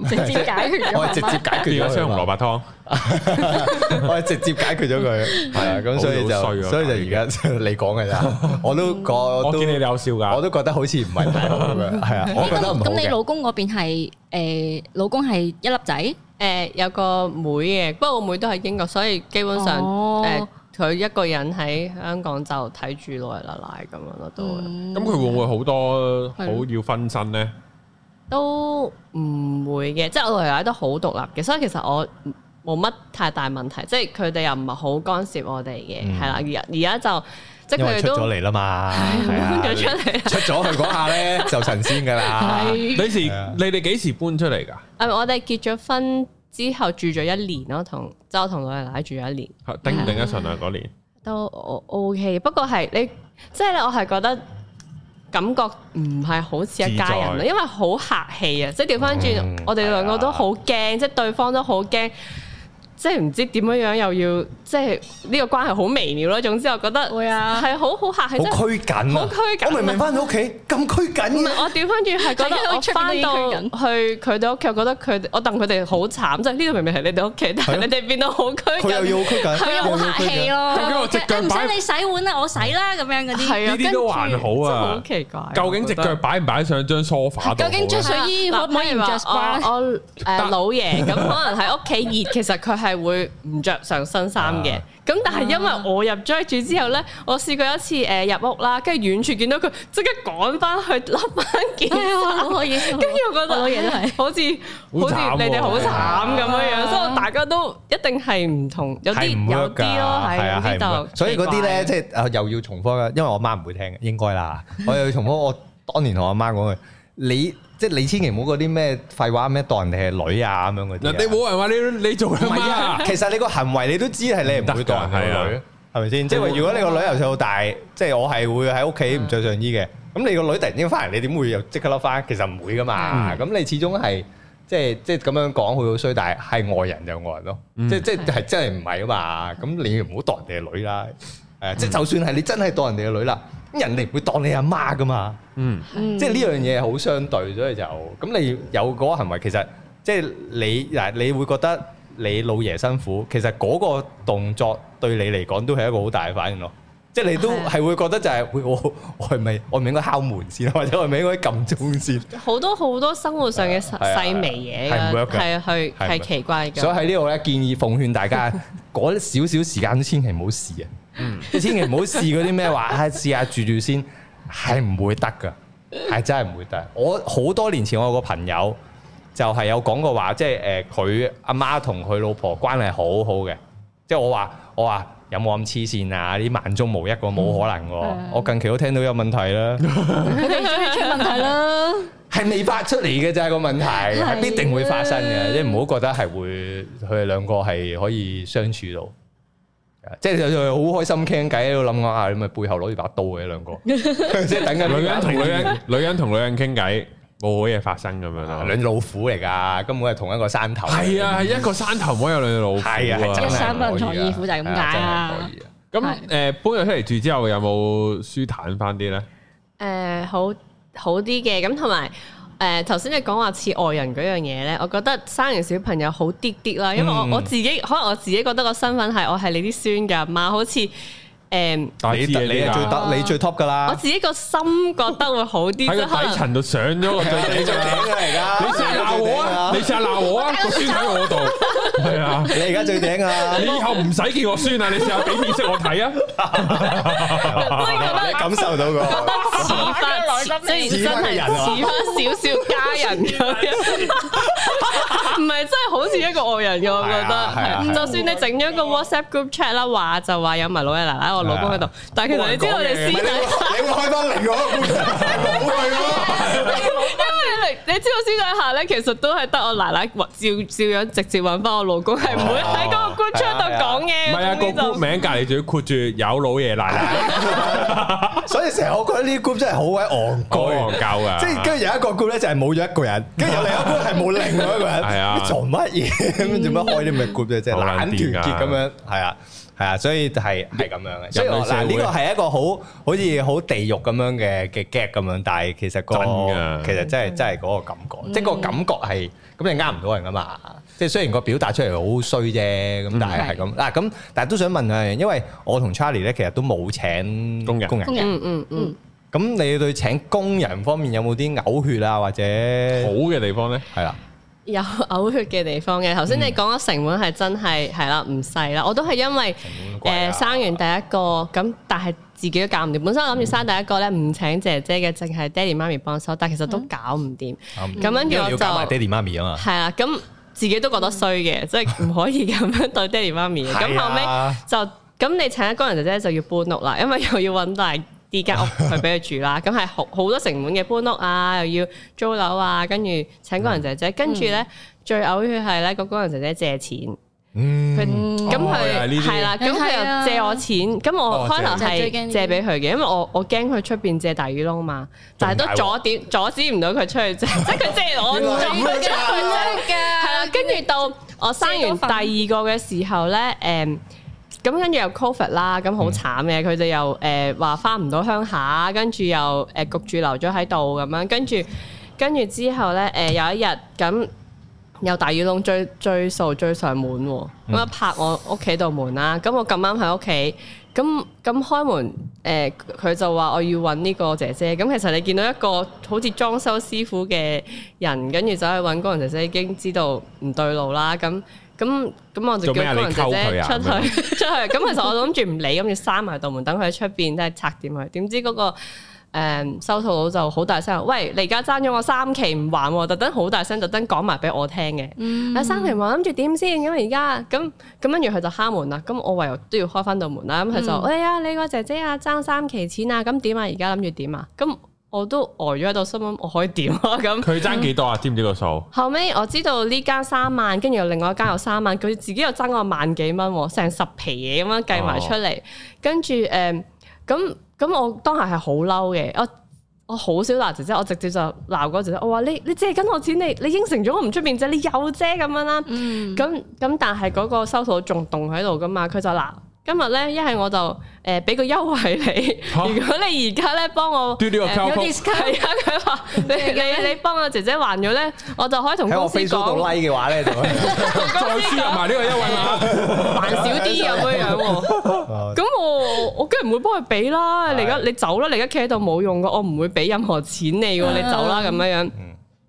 直接解決咗。我係直接解決咗雙紅蘿蔔湯。我係直接解決咗佢。係啊，咁所以就，所以就而家你講嘅咋？我都講，我見你有笑噶，我都覺得好似唔係大佬咁樣。係啊，咁咁，你老公嗰邊係誒？老公係一粒仔誒，有個妹嘅。不過我妹都喺英國，所以基本上誒，佢一個人喺香港就睇住老爺奶奶咁樣咯，都。咁佢會唔會好多好要分身咧？都唔會嘅，即係我奶奶都好獨立嘅，所以其實我冇乜太大問題，即係佢哋又唔係好干涉我哋嘅，係啦、嗯。而而家就即係佢哋都出咗嚟啦嘛，搬咗、啊啊、出嚟，出咗去嗰下咧就神仙噶啦。你係，你哋幾時搬出嚟㗎？誒、啊，我哋結咗婚之後住咗一年咯，同即我同奶奶住咗一年，頂唔頂得順呀嗰、啊啊、年都 O K。Okay，不過係你即係咧，我係覺得。感覺唔係好似一家人囉，在因為好客氣啊，即係調返轉，我哋兩個都好驚，即係的對方都好驚。即係唔知點樣樣又要，即係呢個關係好微妙咯。總之我覺得會啊，係好好客氣。好拘謹嘛，好拘謹。我明明翻到屋企咁拘謹？唔係，我調翻轉係覺得我翻到去佢哋屋企，我覺得佢我戥佢哋好慘。即係呢個明明係你哋屋企，但係你哋變到好拘謹。佢又要拘謹，係好客氣咯。唔使你洗碗呀，我洗啦，咁樣嗰啲都還好呀。好奇怪，究竟隻腳擺唔擺上張梳化？究竟着睡衣可唔可以話我我老爺咁？可能喺屋企熱，其實佢係。係會唔着上新衫嘅，咁但係因為我入住住之後咧，我試過一次誒入屋啦，跟住遠處見到佢，即刻趕翻去甩翻件衫可以，跟住我覺得好似好似你哋好慘咁樣樣，所以大家都一定係唔同，有啲有啲咯，係啊，係啊，所以嗰啲咧即係誒又要重複呀，因為我媽唔會聽嘅，應該啦，我要重複我當年同我阿媽講嘅。你即係你千祈唔好嗰啲咩廢話咩當、啊、人哋係女啊咁樣啲。嗱，你冇人話你你做阿媽啊。 其實你個行為你都知係你唔會當人係女，係咪先？啊、是是即係如果你個女由細到大，即、就、係、是、我係會喺屋企唔着上衣嘅。咁、啊、你個女突然之間翻嚟，你點會又即刻甩翻？其實唔會噶嘛。咁、嗯、你始終係即係即係咁樣講佢好衰，但係係外人就外人咯。即即係真係唔係啊嘛。咁你唔好當人哋係女啦。 誒，即係就算係你真係當人哋嘅女啦，咁人哋唔會當你阿媽㗎嘛。嗯，即係呢樣嘢好相對，所以就咁你有嗰個行為，其實即係你嗱，你會覺得你老爺辛苦，其實嗰個動作對你嚟講都係一個好大嘅反應咯。即係你都係會覺得就係、會，我我係咪我唔應，應該敲門先，或者我咪應該撳鐘先？好 多好多生活上嘅細微嘢、啊，係唔約係奇怪嘅。所以喺呢度咧，建議奉勸大家嗰少少時間，千祈唔好試啊！你、嗯、 千祈唔好試嗰啲咩話，試下住住先，係唔會得噶，係真係唔會得。我好多年前我有個朋友就係有講過話，即係誒佢阿媽同佢老婆關係好好嘅。即、就、係、是、我話我話有冇咁黐線啊？呢啲萬中無一個，冇可能噶。嗯、我近期都聽到有問題啦，未出問題啦，係未 發出嚟嘅咋個問題，係必定會發生嘅，即係唔好覺得係會佢哋兩個係可以相處到。即係就又好開心傾偈喺度諗啊，你咪背後攞住把刀嘅，兩個，即係等緊女人同女人，女人同女人傾偈冇好嘢，發生咁樣咯。兩老虎嚟噶，根本係同一個山頭。係啊，係一個山頭，唔可以有兩隻老虎。係啊，即係山不容二虎就係咁解啊。咁誒搬咗出嚟住之後有冇舒坦翻啲咧？誒，好好啲嘅，咁同埋。誒頭先你講話似外人嗰樣嘢咧，我覺得生完小朋友好啲啲啦，因為我我自己可能我自己覺得個身份係我係你啲孫嘅阿媽，好似誒，你你係最得你最 top 㗎啦，我自己個心覺得會好啲。喺個底層度上咗個最頂嘅嚟㗎，你成日鬧我啊！你成日鬧我啊！個孫喺我度。係啊！你而家最頂啊！你以後唔使叫我孫啊！你試下俾面色我睇啊！你感受到個似翻內心即係真係似翻少少家人咁樣，唔 係真係好似一個外人嘅。我覺得，就算你整咗個 WhatsApp group chat 啦，話就話有埋老爺奶奶，我老公喺度，但係其實你知道我哋私底， 你開翻嚟咗，冇去 你你知道思想下咧，其實都係得我奶奶照照樣直接揾翻我老公，係唔會喺嗰個 group 出度講嘢。唔係啊，個 group 名隔籬仲要括住有老爺奶奶，所以成日我覺得呢 group 真係好鬼憨居憨鳩啊！即係跟住有一個 group 咧就係冇咗一個人，跟住另一個 group 係冇另外一個人，做乜嘢？點樣開啲咁嘅 group 啊？即係懶團結咁樣，係啊。係啊，所以就係係咁樣嘅。所以嗱，呢個係一個好好似好地獄咁樣嘅嘅 gag 咁樣，但係其實、個真嘅其實真係真係嗰個感覺，的的嗯、即係個感覺係咁你呃唔到人噶嘛？即係雖然個表達出嚟好衰啫，咁但係係咁嗱咁，但係的都想問下，因為我同 Charlie 咧其實都冇請工人工人。嗯嗯嗯。咁、嗯嗯、你對請工人方面有冇啲嘔血啊或者好嘅地方咧？係啊。有嘔血嘅地方嘅，頭先你講嘅成本係真係係啦，唔細啦，我都係因為誒、啊呃、生完第一個咁，但係自己都搞唔掂。本身我諗住生第一個咧，唔請姐姐嘅，淨係爹哋媽咪幫手，但係其實都搞唔掂。咁樣叫就埋爹哋媽咪啊嘛。係啦、啊，咁自己都覺得衰嘅，即係唔可以咁樣對爹哋媽咪。咁、 啊、後尾，就咁你請一個工人姐姐就要搬屋啦，因為又要揾大，啲間屋去俾佢住啦，咁係好好多成本嘅，搬屋啊，又要租樓啊，跟住請工人姐姐，跟住咧最嘔血係咧，個工人姐姐借錢，佢咁佢係啦，咁佢又借我錢，咁我開頭係借俾佢嘅，因為我我驚佢出邊借大耳窿嘛，但係都阻點阻止唔到佢出去借，即係佢借我。唔出去係啊，跟住到我生完第二個嘅時候咧，誒。咁跟住又 Covid 啦，咁好慘嘅，佢、呃、哋又誒話翻唔到鄉下，跟住又誒焗住留咗喺度咁樣，跟住跟住之後咧誒、呃、有一日，咁有大耳窿追追數追上門，咁啊拍我屋企度門啦，咁我咁啱喺屋企，咁咁開門誒，佢、呃、就話我要揾呢個姐姐，咁其實你見到一個好似裝修師傅嘅人，跟住走去揾工人姐姐，已經知道唔對路啦，咁。咁咁我就叫工人姐姐出去出去，咁、啊、 其實我諗住唔理，咁就閂埋道門，等佢喺出邊即係拆掂佢。點知嗰、那個、呃、收數佬就好大聲，喂，你而家爭咗我三期唔還喎，特登好大聲，特登講埋俾我聽嘅。阿三期話諗住點先咁而家，咁咁跟住佢就敲門啦。咁我唯有都要開翻道門啦。咁佢就、嗯、哎呀，你個姐姐啊爭三期錢啊，咁點啊而家諗住點啊咁。我都呆咗喺度，心諗我可以點啊咁。佢爭幾多啊？知唔知個數？後尾我知道呢間三萬，跟住另外一間又三萬，佢 自己又爭個萬幾蚊，成十皮嘢，咁樣計埋出嚟。跟住誒，咁咁、呃、我當下係好嬲嘅，我我好少鬧姐姐，我直接就鬧嗰姐姐。我話你你借緊我錢，你你應承咗我唔出面啫，你有啫。啊咁樣啦。咁咁但係嗰個收數仲凍喺度噶嘛？佢就鬧。今日咧，一係我就誒俾個優惠你。如果你而家咧幫我有 discount 佢話你你你幫我姐姐還咗咧，我就可以同公司講拉嘅話咧就輸入埋呢個優惠啊，還少啲咁樣樣。咁我我梗係唔會幫佢俾啦。你而家你走啦，你而家企喺度冇用噶，我唔會俾任何錢你噶。你走啦咁樣樣，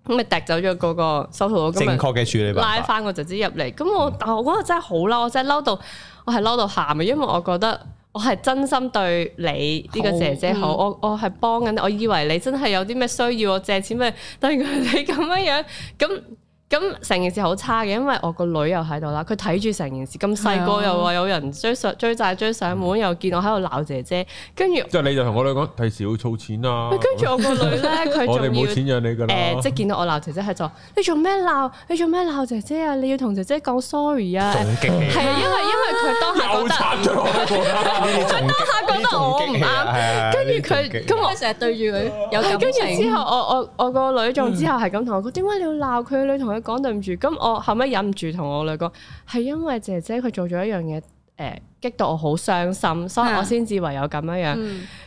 咁咪掟走咗嗰個收數。今日正確嘅處理拉翻我姐姐入嚟。咁我但我覺得真係好嬲，我真係嬲到。我係嬲到喊啊！因為我覺得我係真心對你呢個姐姐好，好的我我係幫緊你，我以為你真係有啲咩需要，我借錢俾你，但原來你咁樣樣咁。咁成件事好差嘅，因為我個女又喺度啦，佢睇住成件事咁細個，又話有人追上追債追上門，又見我喺度鬧姐姐，跟住即係你就同我女講：「第時要儲錢啦。」跟住我個女咧，佢，我哋冇錢養你㗎啦。誒，即係見到我鬧姐姐係，就你做咩鬧？你做咩鬧姐姐啊？你要同姐姐講 sorry 啊！係因為，因為佢當下覺得，當下覺得我唔啱，跟住佢，咁我成日對住佢有感情，跟住之後，我我我個女仲之後係咁同我講：點解你要鬧佢？女同講對唔住，咁我後尾忍唔住同我女講，係因為姐姐佢做咗一樣嘢，誒、呃、激到我好傷心，所以我先至唯有咁樣樣。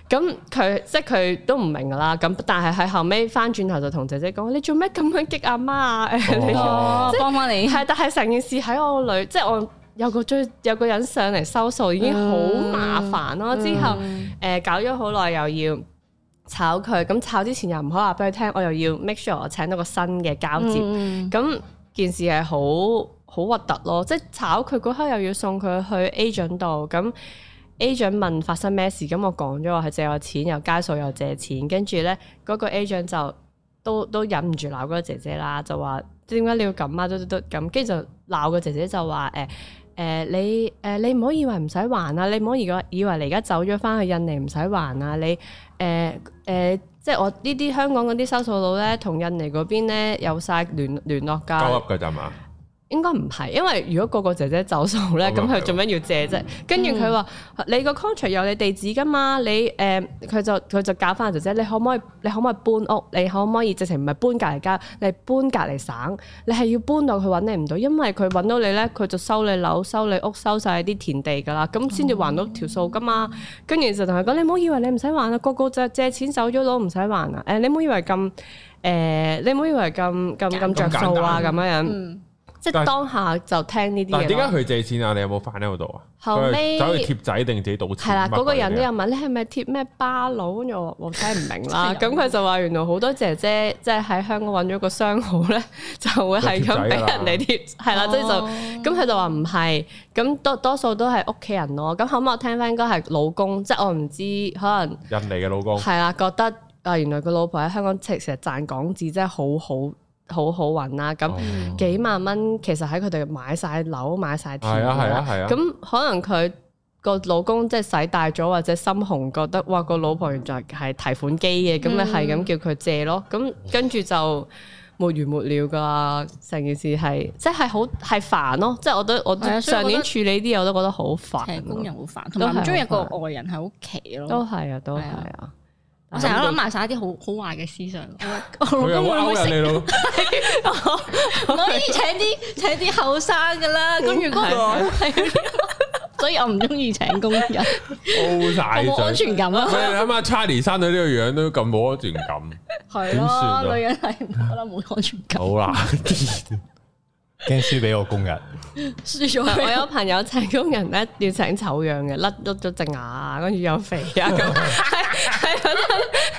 咁佢，啊，即係佢都唔明噶啦，咁但係喺後尾翻轉頭就同姐姐講，你做咩咁樣激阿媽啊？哦，幫翻你係，但係成件事喺我女，即係我有個追有個人上嚟收數，已經好麻煩咯。嗯嗯，之後誒、呃、搞咗好耐又要炒佢，咁炒之前又唔可以話俾佢聽，我又要 make sure 我請到個新嘅交接，咁、嗯、件事係好好核突咯。即係炒佢嗰刻又要送佢去 agent 度，咁 agent 問發生咩事？咁我講咗話係借我錢，又加數又借錢，跟住咧嗰個 agent 就都都忍唔住鬧嗰個姐姐啦，就話點解你要咁啊？都都都咁，跟住就鬧個姐姐就話誒。欸誒、呃、你誒、呃、你唔好以以為唔使還啊！你唔好以而以為你而家走咗翻去印尼唔使還啊！你誒誒、呃呃、即係我呢啲香港嗰啲收數佬咧，同印尼嗰邊咧有晒聯聯絡㗎。交噏咋嘛？應該唔係，因為如果個個姐姐走數咧，咁佢做咩要借啫？跟住佢話：嗯、你個 contract 有你地址噶嘛？你誒佢、呃、就佢就搞翻姐姐，你可唔可以你可唔可以搬屋？你可唔可以直情唔係搬隔離家，你係搬隔離省？你係要搬到去揾你唔到，因為佢揾到你咧，佢就收你樓、收你屋、收晒啲田地噶啦，咁先至還到條數噶嘛。嗯、跟住就同佢講：你唔好以為你唔使還啊，個個就借錢走咗都唔使還啊！誒、呃，你唔好以為咁誒、呃，你唔好以為咁咁咁着數啊咁樣樣。嗯即係當下就聽呢啲嘢。但點解佢借錢啊？你有冇反喺到度啊？後尾來，走去貼仔定自己賭錢？係啦的，嗰、那個人都有問你係咪貼咩巴佬？我我聽唔明啦。咁佢 有就話原來好多姐姐即係喺香港揾咗個商號咧，就會係咁俾人哋貼。係啦，即係就咁、是、佢就話唔係。咁、哦、多多數都係屋企人咯。咁後尾我聽翻應該係老公，即係我唔知可能印尼嘅老公。係啦，覺得啊原來個老婆喺香港成成日賺港紙真係好好。好好運啦，咁幾萬蚊其實喺佢哋買晒樓買晒田啦，咁、嗯、可能佢個老公即係使大咗或者心紅，覺得哇個老婆原來係提款機嘅，咁你係咁叫佢借咯，咁跟住就沒完沒了噶，成件事係即係好係煩咯，即係我都我，我上年處理啲我都覺得好煩，工人好煩，同埋唔中意個外人喺屋企咯，都係啊，都係啊。我成日都諗埋晒一啲好好壞嘅思想。我老公會唔會識？我 可以請啲請啲後生噶啦，咁如果係，所以我唔中意請工人。好大，冇安全感啊！感啊你諗下 Charlie 生到呢個樣都咁冇安全感。係咯、啊，女人係可能冇安全感。好難啦 驚輸俾個工人，輸咗。我有朋友請工人咧，要請醜樣嘅，甩甩咗隻牙，跟住又肥啊咁，係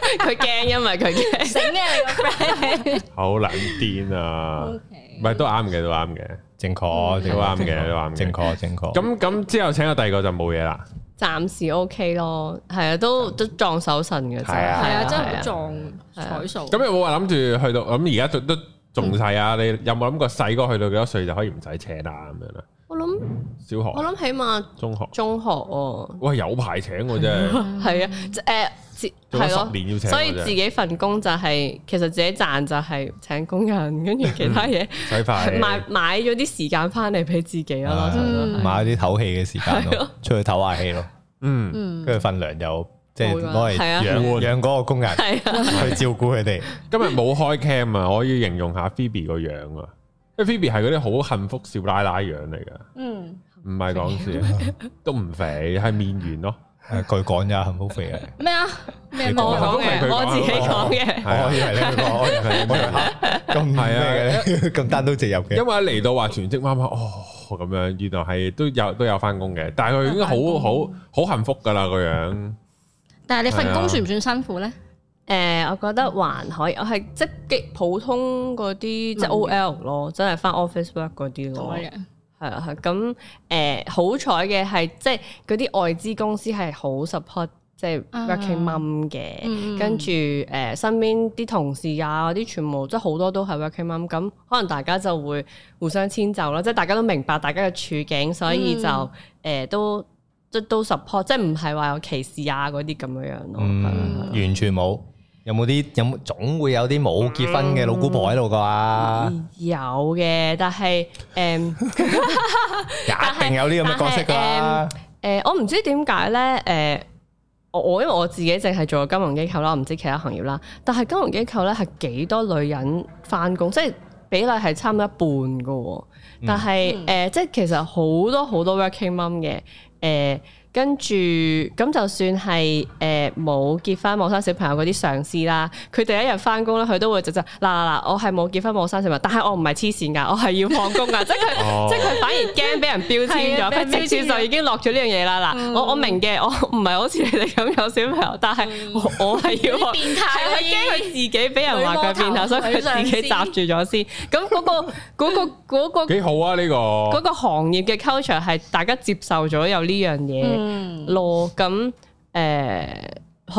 係佢驚，因為佢驚。整咩你個 friend？好冷癲啊！唔係都啱嘅，都啱嘅，正確。都啱嘅，你話啱。正確，正確。咁咁之後請個第二個就冇嘢啦。暫時 OK 咯，係啊，都都撞手神嘅啫，係啊，真係撞彩數。咁有冇話諗住去到咁而家都都？仲細啊！你有冇諗過細個去到幾多歲就可以唔使請啦咁樣咧？我諗小學，我諗起碼中學，中學哦。哇，有排請我真係。係啊，誒，係咯，年要請，所以自己份工就係，其實自己賺就係請工人，跟住其他嘢使買買咗啲時間翻嚟俾自己咯，買啲唞氣嘅時間，出去唞下氣咯，嗯，跟住份糧又。即係攞嚟養，養嗰個工人去照顧佢哋。今日冇開 cam 啊，我要形容下 Phoebe 個樣啊。因為 Phoebe 係嗰啲好幸福少奶奶樣嚟噶。嗯，唔係講笑，都唔肥，係面圓咯，係佢講嘅，好肥啊。咩啊？咩我講嘅？我自己講嘅。係啊，咁係啊，咁單刀直入嘅。因為嚟到話全職媽媽哦，咁樣，原來係都有都有返工嘅，但係佢已經好好好幸福噶啦個樣。但係你份工算唔算辛苦咧？誒、嗯，我覺得還可以，我係即係極普通嗰啲即 O L 咯，真係翻 office work 嗰啲咯。係啊，係咁誒，好彩嘅係即係嗰啲外資公司係好 support 即係 working mom 嘅，跟住誒身邊啲同事啊啲全部即係好多都係 working mom，咁可能大家就會互相遷就啦，即係大家都明白大家嘅處境，所以就誒都。嗯 Support, 即係都十樖，即係唔係話有歧視啊嗰啲咁樣樣咯。嗯，完全冇。有冇啲有總會有啲冇結婚嘅老姑婆喺度噶？有嘅，但係誒，一定有呢咁嘅角色噶。誒、嗯嗯嗯，我唔知點解咧。誒、嗯，我因為我自己淨係做金融機構啦，唔知其他行業啦。但係金融機構咧係幾多女人翻工，即係比例係差唔多一半噶。但係誒，即係、嗯嗯、其實好多好多 working mum 嘅。誒。跟住咁就算係誒冇結婚冇生小朋友嗰啲上司啦，佢第一日翻工咧，佢都會就就嗱嗱嗱，我係冇結婚冇生小朋友，但係我唔係黐線㗎，我係要放工㗎，即係佢即係佢反而驚俾人標籤咗，佢標籤就已經落咗呢樣嘢啦。嗱，我我明嘅，我唔係好似你哋咁有小朋友，但係我我係要放。變態佢驚佢自己俾人話佢變態，所以佢自己擲住咗先。咁嗰個嗰個嗰個幾好啊？呢個嗰個行業嘅 culture 係大家接受咗有呢樣嘢。嗯，咯、嗯，咁誒，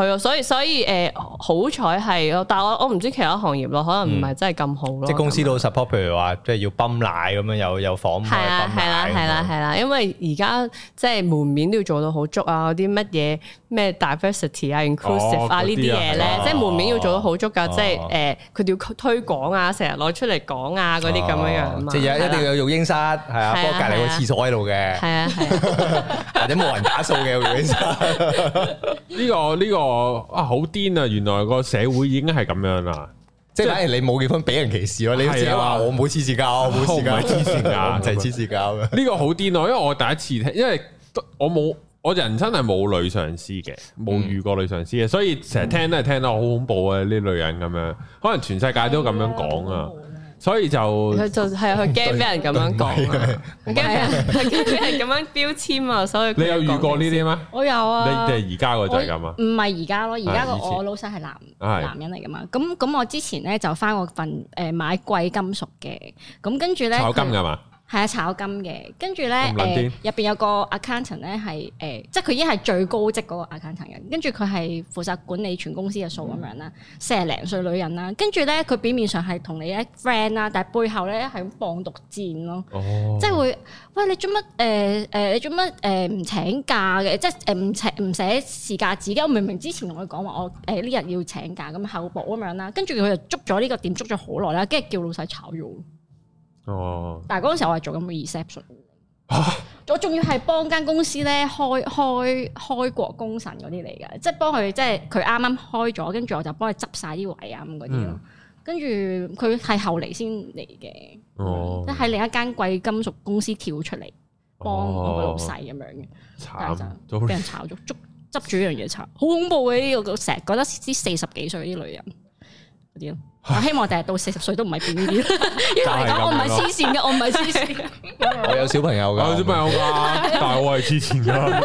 係啊，所以所以誒，好彩係咯，但係我我唔知其他行業咯，可能唔係真係咁好咯、嗯。即係公司都好 support，譬如話即係要泵奶咁樣，有有房鋪去泵奶，係啦，係啦，係啦，係啦，因為而家即係門面都要做到好足啊，嗰啲乜嘢。咩 diversity 啊 inclusive 啊呢啲嘢咧，即係門面要做到好足噶，即係誒佢哋要推廣啊，成日攞出嚟講啊嗰啲咁樣樣嘛。即係一定要有育嬰室係啊，隔籬個廁所喺度嘅，係啊，或者冇人打掃嘅育嬰室。呢個呢個啊好癲啊！原來個社會已經係咁樣啦，即係反而你冇結婚俾人歧視咯。你自己話我冇黐線噶，我冇黐線噶，就黐線噶。呢個好癲咯，因為我第一次聽，因為我冇。我人生係冇女上司嘅，冇遇過女上司，嘅，所以成日聽都係聽到好恐怖啊！呢女人咁樣，可能全世界都咁樣講啊，的所以就佢、嗯、就係佢驚俾人咁樣講，係啊， 驚俾人咁樣標籤啊， 所以你有遇過呢啲咩？我有啊，你係而家個就係咁啊，唔係而家咯，而家個我老細係男男人嚟噶嘛？咁咁我之前咧就翻我份誒買貴金屬嘅，咁跟住咧炒金噶嘛？係啊，炒金嘅，跟住咧誒，入邊、嗯呃、有個 accountant 咧係誒，即係佢已經係最高職嗰個 accountant 人，跟住佢係負責管理全公司嘅數咁樣啦，嗯、四廿零四十零歲女人啦，跟住咧佢表面上係同你一 friend 啦，但係背後咧係放毒箭咯，哦、即係會喂你做乜誒誒？你做乜誒唔請假嘅？即係誒唔請唔寫時假紙嘅？我明明之前同佢講話，我誒呢日要請假咁後補咁樣啦，跟住佢就捉咗呢個點，捉咗好耐啦，跟住叫老細炒咗。哦！但係嗰陣時我係做緊個 reception，啊、我仲要係幫間公司咧開開開國功臣嗰啲嚟嘅，即係幫佢即係佢啱啱開咗，跟住我就幫佢執晒啲位啊咁嗰啲咯。跟住佢係後嚟先嚟嘅，即係、哦、另一間貴金屬公司跳出嚟幫我個老細咁樣嘅，哦、但係就俾人炒咗，捉執住一樣嘢炒，好恐怖嘅！我成日覺得知四十幾歲啲女人啲咯。我希望第日到四十歲都唔係變呢啲，因為我唔係黐綫嘅，我唔係黐綫，我有小朋友噶，有小朋友噶，但係我係黐綫噶，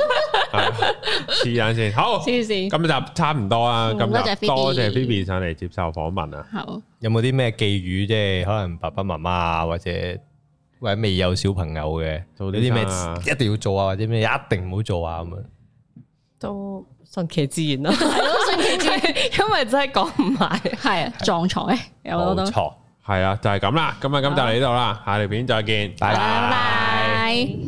黐眼，先好。黐綫咁就差唔多啊。咁多謝多謝菲比上嚟接受訪問啊。好。有冇啲咩寄語即係？可能爸爸媽媽啊，或者或者未有小朋友嘅，做啲咩一定要做啊，或者咩一定唔好做啊咁啊。都。順其自然咯，順其自然，因為真係講唔埋，係啊 的，撞彩有冇錯？係啊，就係咁啦，今日，咁就嚟呢度啦，下條片再見，拜拜。拜拜。